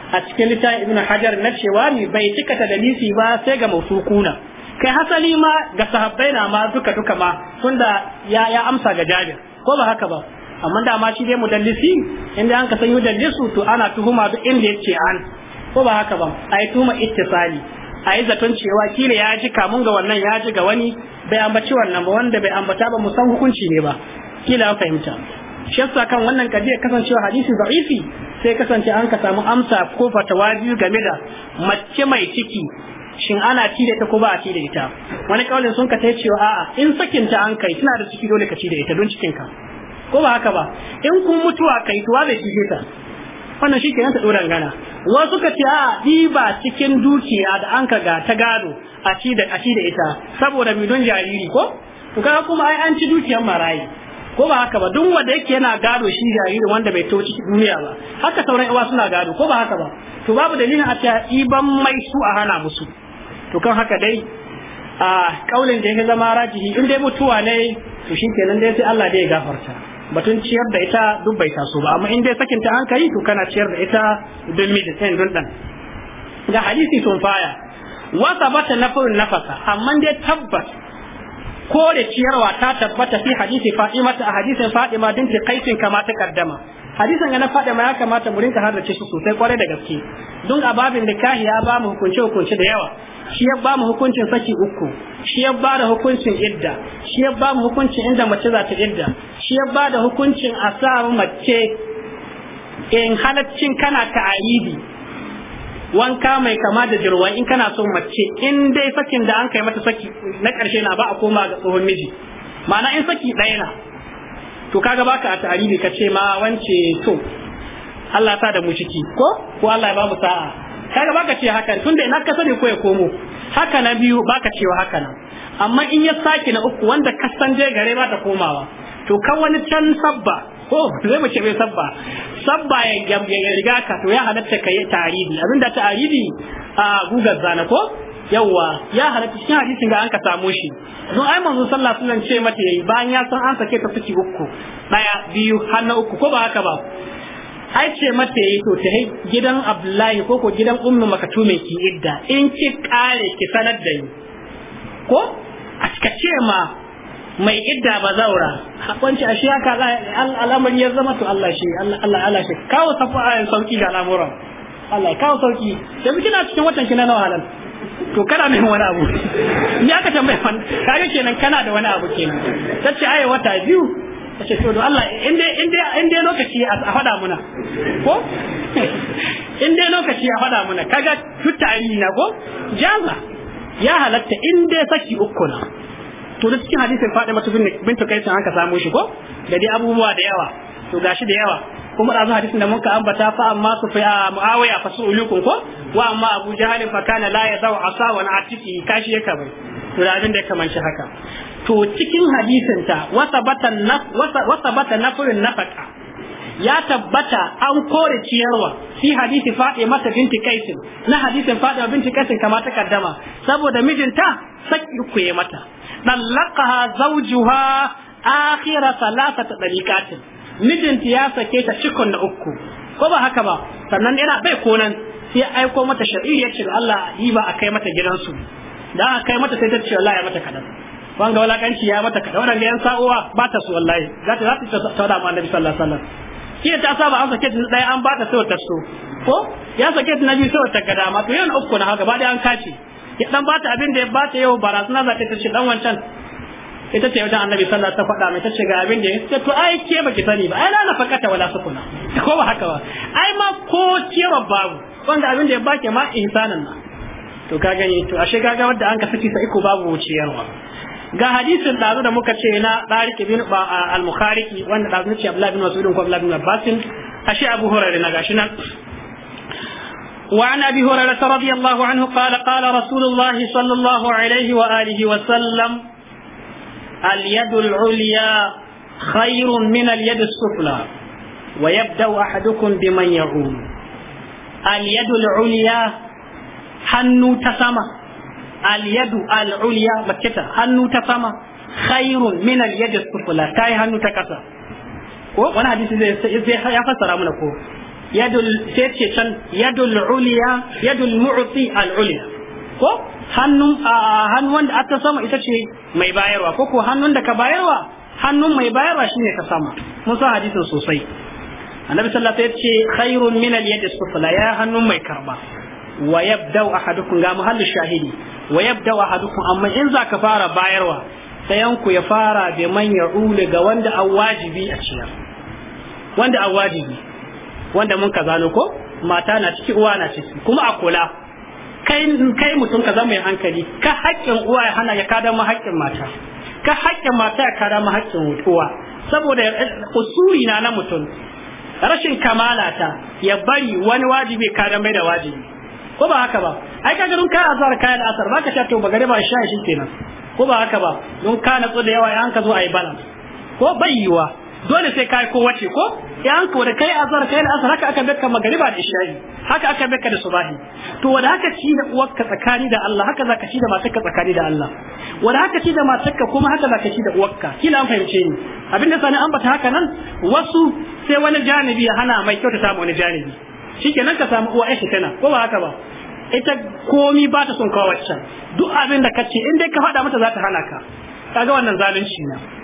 a cikin littafin ibn hajar na cewa ni bai cika tadalisi ba sai ga mausukuna kai hasali ma ga sahabbai na ma duka duka ma tunda ya ya amsa ga jabir ko ba haka ba amma da ma shi dai mudallisi inda an ka san yudallisu to ana tuhuma duk inda yake an ko ba haka ba ai tuhuma ittisali ai zaton cewa kila ya ji kamun ga wannan ya ji ga wani bai ambaci wannan ba wanda bai ambata ba mu san hukunci ne ba kila an fahimta shesa kan wannan kadiya kasancewa hadisi da'ifi sai kasance an ka samu amsa ko fatawa biyu game da mace mai ciki shin ana ci da ita ko ba a ci da ita wani kaulin sun ka ta cewa a'a in sakin ta an kai tana da ciki dole ka ci da ita don cikin ka ko ba haka ba in kun mutuwa kai tuwa bai ci ta wannan shi kenan ta doran gana wasu ka ce a ɗiba cikin dukiya da an ka ga ta gado a ci da a ci da ita saboda midon jariri ko to ka kuma ai an ci dukiyar marayi ko ba haka ba duk wanda yake yana gado shi jariri wanda bai toci duniya ba haka sauran uwa suna gado ko ba haka ba to babu dalilin a ce iban mai su a hana musu to kan haka dai a kaulin da yake zama rajihi in dai mutuwa ne to shi kenan dai sai Allah dai ya gafarta batun ciyar da ita duk bai taso ba amma in dai sakin ta hankali to kana ciyar da ita don mi da sai don dan ga hadisi sun faya wa sabata nafsu nafaka amma dai tabbas Ko da ciyarwa ta tabbata fi hadisi Fatima ta hadisin Fatima binti Qais kama ta kaddama hadisin ga na Fatima ya kamata mu rinka haddace shi sosai kwarai da gaske don a babin nikahi ya ba mu hukunce hukunce da yawa shi ya ba mu hukuncin saki uku shi ya ba da hukuncin idda shi ya ba mu hukuncin inda mace za ta idda shi ya ba da hukuncin a mace in halaccin kana ta ta'ayidi wanka mai kama da jirwa in kana son mace in dai sakin da an kai mata saki na karshe na ba a koma ga tsohon miji ma'ana in saki ɗaya na to kaga baka a tarihi ka ce ma wance to Allah sa da mu ciki ko ko Allah ya ba mu sa'a kaga baka ce haka tunda ina ka sani ko ya komo haka na biyu baka cewa haka nan amma in ya saki na uku wanda ka san je gare ba ta komawa to kan wani can sabba ko zai mace mai sabba sabba ya riga ka to ya halatta ka yi tarihi abinda tarihi a gugar zana ko yawa ya halatta cikin hadisin ga an ka samu shi don ai manzo sallallahu alaihi wasallam ce mata yayi bayan ya san an sake ta saki uku daya biyu har uku ko ba haka ba ai ce mata yayi to ta gidan Abdullahi ko ko gidan Ummu Makatume ki idda in ki kare ki sanar da ni ko a cika ma mai idda ba zaura kwanci a shi haka al'amari ya zama to Allah shi Allah Allah shi kawo sauki ga al'amuran Allah kawo sauki yanzu kina cikin watan kina nawa halal to kana mai wani abu ni aka tambaye fan kaga kenan kana da wani abu kenan tace ai wata biyu tace to don Allah in dai in dai in dai lokaci a fada muna ko in dai lokaci a fada muna kaga tutta na ko jaza ya halatta in dai saki uku na to da cikin hadisin Fatima ta kai Kaisin an ka samu shi ko da dai abubuwa da yawa to gashi da yawa kuma da hadisin da muka ambata fa amma su fa Muawiya fa su ulukun ko wa amma Abu jahal fa kana la zau asa wa atiki kashi ya bai to da abin da kaman shi haka to cikin hadisin ta wasabata na wasabata nafrun nafaka ya tabbata an kore ciyarwa fi hadisi fadi mata binti Kaisin na hadisin fadi binti Kaisin kama ta kaddama saboda mijinta saki ku mata dallaqaha zawjuha akhira salasata dalikatin mijinta ya sake ta cikon na uku ko ba haka ba sannan yana bai konan sai aiko mata shari'i ya ce Allah yi ba a kai mata gidansu da a kai mata sai ta ce wallahi ya mata kadan wanga walakanci ya mata kadan wadanda yan sa'owa ba ta su wallahi za ta za ta tsada mu annabi sallallahu alaihi wasallam shi ta saba an sake ta ɗaya an ba ta sai ta so ko ya sake ta biyu sai ta kada ma to yana uku na haka ba dai an kace ya dan bata abin da ya bata yau barazana za ta ce dan wancan ita ce wajen annabi sallallahu ta faɗa mai ta ce ga abin da ya to ai ke baki sani ba ai lana fakata wala sukuna ko ba haka ba ai ma ko cewa babu wanda abin da ya bake ma insanan na to ka gani to ashe ka ga wanda an ka saki sa iko babu wuciyarwa. ga hadisin dazu da muka ce na Tariq bin al-Mukhariki wanda dazu ce abdullahi bin Mas'ud ko abdullahi bin Abbas ashe Abu Hurairah na gashi nan وعن ابي هريره رضي الله عنه قال قال رسول الله صلى الله عليه واله وسلم اليد العليا خير من اليد السفلى ويبدا احدكم بمن يعوم اليد العليا هنو تسمى اليد العليا مكتا هنو تسمى خير من اليد السفلى تاي هنو تكسى وانا حديث زي يفسر امنا yadul sai ce can yadul uliya yadul mu'ti al uliya ko hannun hannun da aka sama ita ce mai bayarwa ko ko hannun da ka bayarwa hannun mai bayarwa shine ka sama mun san hadisin sosai annabi sallallahu alaihi wasallam ya ce khairun min al yadi sufla ya hannun mai karba wa yabda'u ahadukum ga muhallu shahidi wa yabda'u ahadukum amma in za ka fara bayarwa sayanku ya fara bi man ya'ulu ga wanda an wajibi a ciyar wanda an wanda mun ka zano ko mata na ciki uwa na ciki kuma a kula kai kai mutum ka zama mai hankali ka haƙƙin uwa ya hana ya kada mu haƙƙin mata ka haƙƙin mata ya kada mu haƙƙin uwa saboda eh, usuri na na mutum rashin kamala ta ya bari wani wajibi da mai da wajibi ko ba haka ba ai ka garin ka azar kayan asar ba ka to gare ba sha shi kenan ko ba haka ba don ka na da yawa an ka zo a yi balance ko bai yiwa dole sai kai ko wace ko yan ko da kai azhar kai asar haka aka bekka magriba da isha'i haka aka bekka da subahi to wanda haka ci da uwarka tsakani da Allah haka zaka ci da matarka tsakani da Allah wanda haka ci da matarka kuma haka zaka ci da uwarka kina an fahimce ni abinda sani an bata haka nan wasu sai wani janibi ya hana mai ta samu wani janibi shikenan ka samu uwa aisha tana ko ba haka ba ita komi ba ta son kawo waccan duk abin da kace in dai ka faɗa mata za ta hana ka kaga wannan zalunci na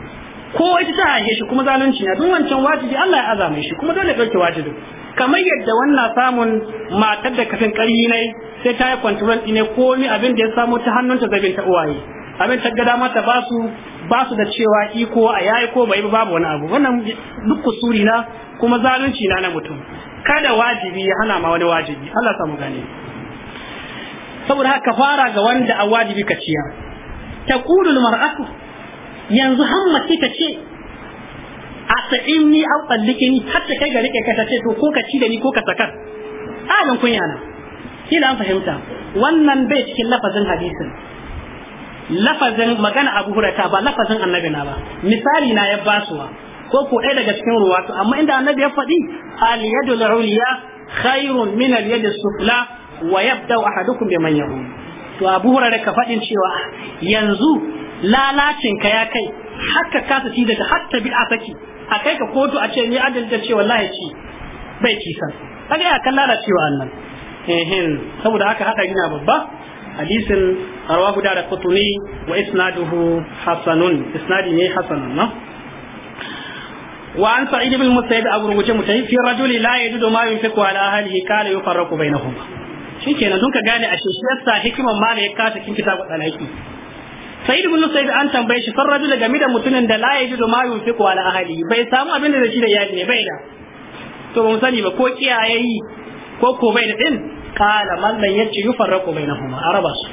ko ita ta hange shi kuma zalunci na duk wancan wajibi Allah ya azame shi kuma dole dauke wajibi kamar yadda wannan samun matar da kafin ƙarfi ne sai ta yi control ne ko ni abin da ya samu ta hannunta zabin ta uwaye abin ta gada mata ba su ba su da cewa iko a yayi ko bai babu wani abu wannan duk kusuri na kuma zalunci na na mutum kada wajibi ya hana ma wani wajibi Allah ya samu gane saboda haka fara ga wanda a wajibi ka ciya taqulu al-mar'atu yanzu hammace ka ce a sa'in ni an tsallike ni har ta kai ga rike ka ce to ko ka ci da ni ko ka sakar alin kunya na kila an fahimta wannan bai cikin lafazin hadisin lafazin magana abu hurata ba lafazin annabi na ba misali na ya basuwa ko ko ɗaya daga cikin ruwa to amma inda annabi ya faɗi al yadul khairun min al sufla wa yabda ahadukum biman yahum to abu hurara ka faɗin cewa yanzu lalacin ka ya kai haka ta ci daga hatta bid'a saki a kai ka kotu a ce ni adalta ce wallahi ci bai ci san kaga ya kan lalacewa annan eh saboda haka hada gina babba hadisin guda da qutuni wa isnaduhu hasanun isnadi ne hasanun no وعن سعيد بن المسيب أبو رجل متهيب في الرجل لا يجد ما ينفق على أهله قال يفرق بينهما shi kenan don ka gane a shi yasa hikiman ma ne ya kasa kin kitab al-aiki sa'id ibn sa'id an tambaye shi sarra da game da mutumin da la yajidu ma yunfiqu ala ahli bai samu abin da zai da iyali ne bai da to ba mu sani ba ko kiyaye ko ko bai da din kala man lan yace yufarraqu bainahuma arabas su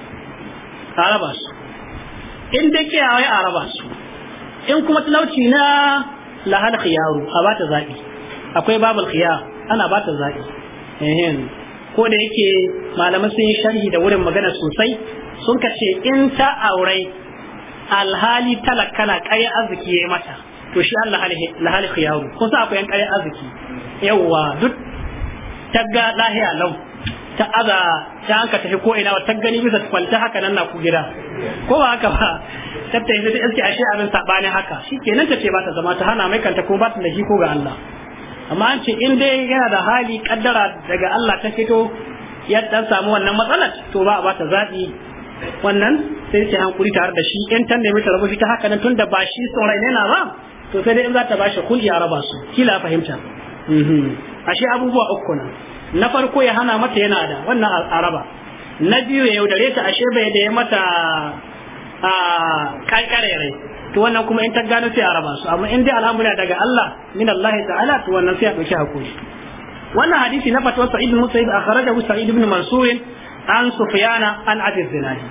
su in da kiyaye arabas su in kuma talauci na lahal khiyaru a bata zabi akwai babul khiyar ana bata zabi eh ko da yake malaman sun yi sharhi da wurin magana sosai sun kace in ta aurai alhali na ƙarya arziki ya yi mata to shi Allah lahali khiyaru kun sa akwai ƙarya arziki yawwa duk tagga lahiya lau ta aza ta hanka tafi ko ina ta gani bisa kwalta haka nan na ku gida ko ba haka ba tatta yanzu ta iske ashe abin sabani haka shi kenanta ta ce ba ta zama ta hana mai kanta ko ba ta lahi ko ga Allah amma an ce in dai yana da hali kaddara daga Allah ta fito ya dan samu wannan matsalar to ba a ba ta zaɓi wannan sai ce hankuri tare da shi in tan nemi ta rabu shi ta haka nan tunda ba shi saurai ne na ba to sai dai in za ta shi kulli ya raba su kila fahimta mhm. ashe abubuwa uku na na farko ya hana mata yana da wannan araba na biyu ya yaudare ta ashe bai da ya mata a kankarere to wannan kuma in ta gano sai a raba su amma in dai alhamdulillah daga Allah min Allah ta'ala to wannan sai a dauki hakuri wannan hadisi na fatwa sa'id ibn musayyib akhrajahu sa'id ibn mansur an sufyana an abi zinadi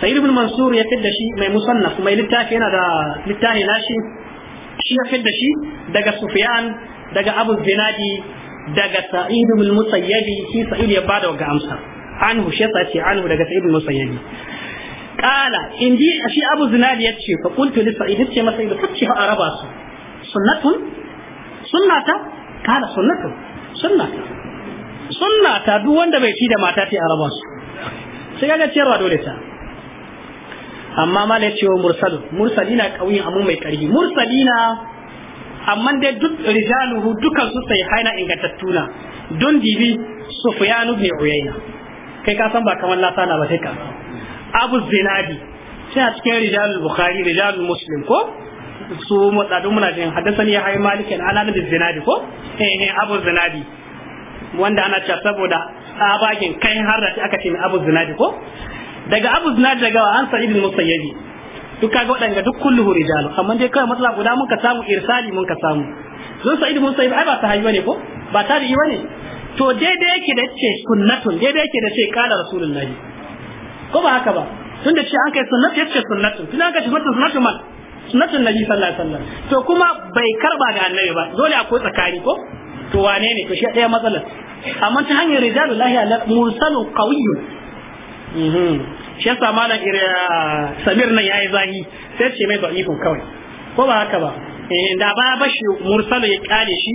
sayyid ibn mansur ya fidda shi mai musannaf mai littafi yana da littafi nashi shi ya fidda shi daga sufyan daga abu zinadi daga sa'id ibn musayyabi shi sa'id ya bada ga amsa anhu shi yasa ce anhu daga sa'id ibn musayyabi قال إن دي أشي أبو زناد يتشي فقلت لسعيد يتشي ما سعيد فتشي su. Sunnatun? سنة Kala, sunnatun? سنة sunna ta duk wanda bai ci da mata ta araba su sai kaga ciyarwa dole ta amma mala ya ce mursal mursalina kauyin amu mai karfi mursalina amma dai duk rijaluhu dukan su sai haina ingantattuna don dibi sufyan ibn uyayna kai ka san ba kamar lasana ba sai ka abu zinadi sai a cikin rijalul bukhari rijalul muslim ko su matsadu muna jin hadasan ya hayy malikin an ana da zinadi ko eh eh abu zinadi wanda ana cewa saboda tsabagen kai har da aka ce abu zinadi ko daga abu zinadi daga an sa ibn musayyabi duk kaga waɗanda duk kullu rijalu amma dai kai matsala guda mun ka samu irsali mun ka samu zan sa ibn musayyabi ai ba ta hayi ne ko ba ta da ne? to daidai yake da ce sunnatun daidai yake da ce kala rasulullahi ko ba haka ba tun da ce an kai sunnatu yace sunnatun tun an kai sunnatu sunnatu man sunnatun nabi sallallahu alaihi wasallam to kuma bai karba da annabi ba dole akwai tsakani ko to wane ne to shi ɗaya matsalar amma ta hanyar rijalu lahiya mursalu qawiyyun mhm. shi yasa malam ah, samir nan yayi zahi sai ce mai da'ifun kawai ko ba haka ba eh da ba bashi mursalu ya kare shi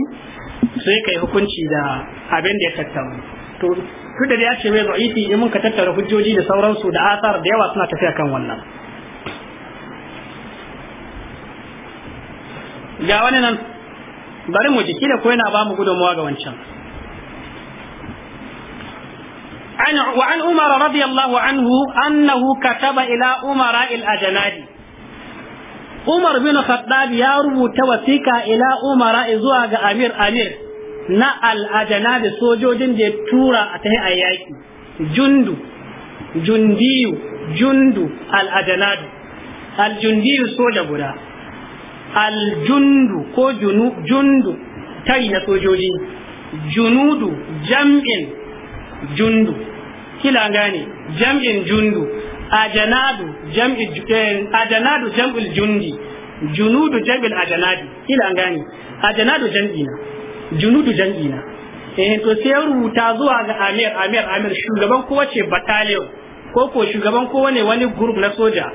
sai kai hukunci da abin da ya tattauna to duk da ya ce mai da'ifi in mun ka tattara hujjoji da sauransu da asar da yawa suna tafiya kan wannan ga wani nan bari mu jiki da ko yana ba mu gudunmawa ga wancan وعن عمر رضي الله عنه أنه كتب إلى أمراء الأجناد عمر بن الخطاب يا رب توثيق إلى أمراء زواج أمير أمير نا الأجناد سوجوجين دي تورا أتهي أياكي جندو جنديو جندو الأجناد الجنديو سوجا بودا aljundu ko jundu tari na sojoji junudu jam'in jundu kila gane jam'in jundu ajanadu jam'in eh, ajanadu jam'il jundi junudu jam'il ajanadi kila gane ajanadu jam'ina junudu jam'ina eh to sai rubuta zuwa ga amir amir amir shugaban kowace battalion ko ko shugaban kowane wani group na soja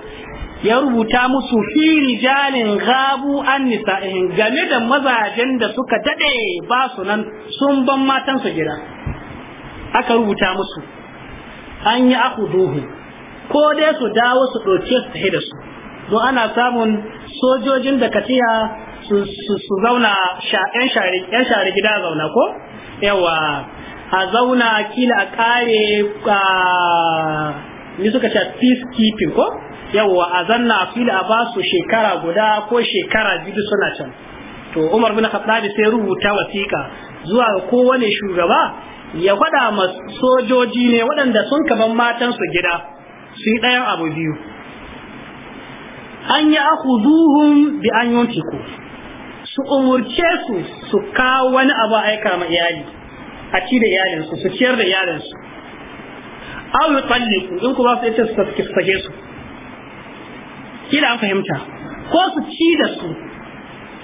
ya rubuta musu fi rijalin gabu an nisa game da mazajen da suka daɗe ba su nan sun ban matansu gida aka rubuta musu an yi duhu, ko dai su dawo su ɗauke su tafi da su don ana samun sojojin da katiya su zauna yan share gida zauna ko yawa a zauna kila a kare ni suka peace peacekeeping ko yawwa a zanna a fili a ba shekara guda ko shekara biyu suna can to umar bin khattabi sai rubuta wasiƙa zuwa ko kowane shugaba ya faɗa ma sojoji ne waɗanda sun kaban matansu gida su yi ɗayan abu biyu an yi akhuduhum bi an yuntiku su umurce su su kawo wani abu aika ma iyali a ci da iyalinsu su ciyar da iyalinsu aw yutalliqu in ku ba su ita su sake su kila an fahimta ko su ci da su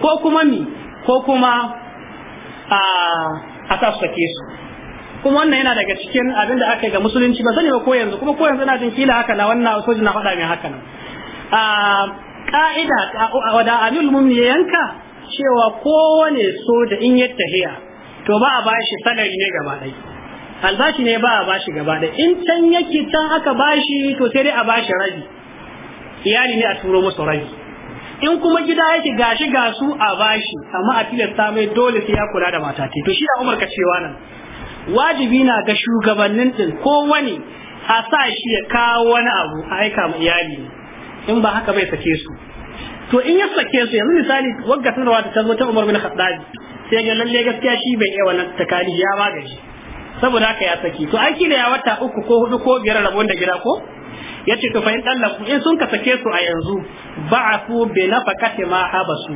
ko kuma mi ko kuma a sa su sake su kuma wannan yana daga cikin abin da aka yi ga musulunci ba sani ba ko yanzu kuma ko yanzu ina jin kila haka na wannan sojin na faɗa mai haka nan a ka'ida wada amil mum ya yanka cewa kowane soja in yi tahiya to ba a bashi salari ne gaba ɗaya albashi ne ba a bashi gaba ɗaya in can yake can aka bashi to sai dai a bashi rabi iyali ne a turo masa rai in kuma gida yake gashi ga su a bashi amma a ta mai dole sai ya kula da mata to shi da Umar ka cewa nan wajibi na ga shugabannin din wani a sa shi ya kawo wani abu a aika ma iyali in ba haka bai sake su to in ya sake su yanzu misali wagga rawata ta zo ta Umar bin Khattab sai ga lalle gaskiya shi bai yi wannan takali ya magaji saboda haka ya saki to aiki da ya wata uku ko hudu ko biyar rabon da gida ko yace to fa in tallaku in sun ka sake su a yanzu bai bi nafaqati ma habasu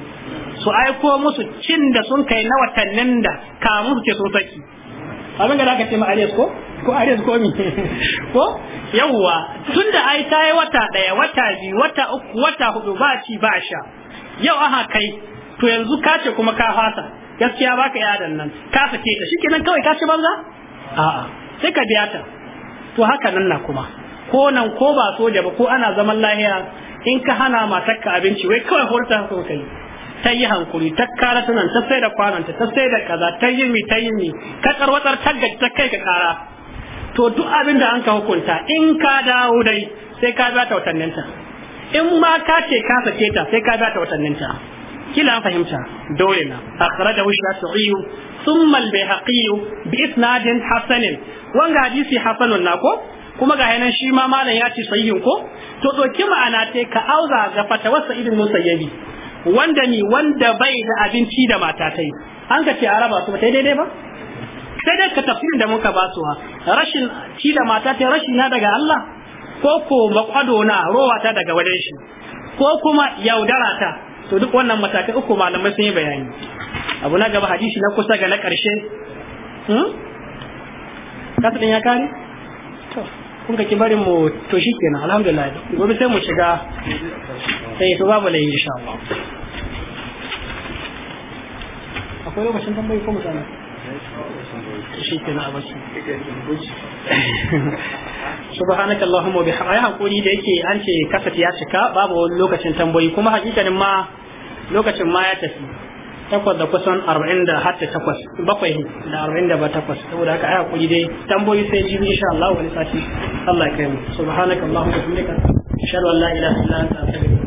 su aiko musu cin da sun kai na watannin da kamun ke sun saki abin da aka ce ma ares ko ko ares ko mi ko yawwa tunda ai ta yi wata daya wata biyu wata uku wata hudu ba ci ba sha yau aha kai to yanzu ka ce kuma ka fasa gaskiya baka yadan nan ka sake ta shikenan kawai ka ce banza a'a sai ka biya ta to haka nan na kuma ko nan ko ba soja ba ko ana zaman lahiya in ka hana takka abinci wai kawai haka ka kai ta yi hankuri ta kara tunan ta sai da kwananta ta sai da kaza ta yi mi ta yi mi ka karwatar tagga ta kai ka kara to duk abin da an ka hukunta in ka dawo dai sai ka biya ta watanninta in ma ka ce ka sake ta sai ka biya ta watanninta kila an fahimta dole na akhrajahu shafi'i thumma al-bayhaqi bi isnadin hasanin wanga hadisi hasanun ko? kuma ga yanan shi ma malam ya ce sahihin ko to doki ma'ana ta ka auza ga wasa irin musayyabi wanda ni wanda bai da abinci da mata tai an ka ce a raba su ba tai daidai ba sai dai ka tafsirin da muka ba su ha rashin ci da mata tai rashin na daga Allah ko ko makwado na rowa ta daga wajen shi ko kuma yaudara ta to duk wannan matakai uku malamai sun yi bayani abu na gaba hadisi na kusa ga na ƙarshe hmm? ɗin ya kare? to kun ka ki bari mu to kenan alhamdulillah gobe sai mu shiga sai eh, to babu lai insha Allah akwai lokacin tambayi ko mutane allahumma wa bihamdika hakuri da yake an ce ya cika babu lokacin tambayi kuma hakikanin ma ma ya tafi takwas da kusan arba'in da har hatta takwas bakwai ne da arba'in da ba takwas saboda haka aya kuɗi dai tamboyi sai jibi insha Allah wani sati Allah ya kai mu subhanakallahumma wa bihamdika ashhadu an la ilaha illa anta astaghfiruka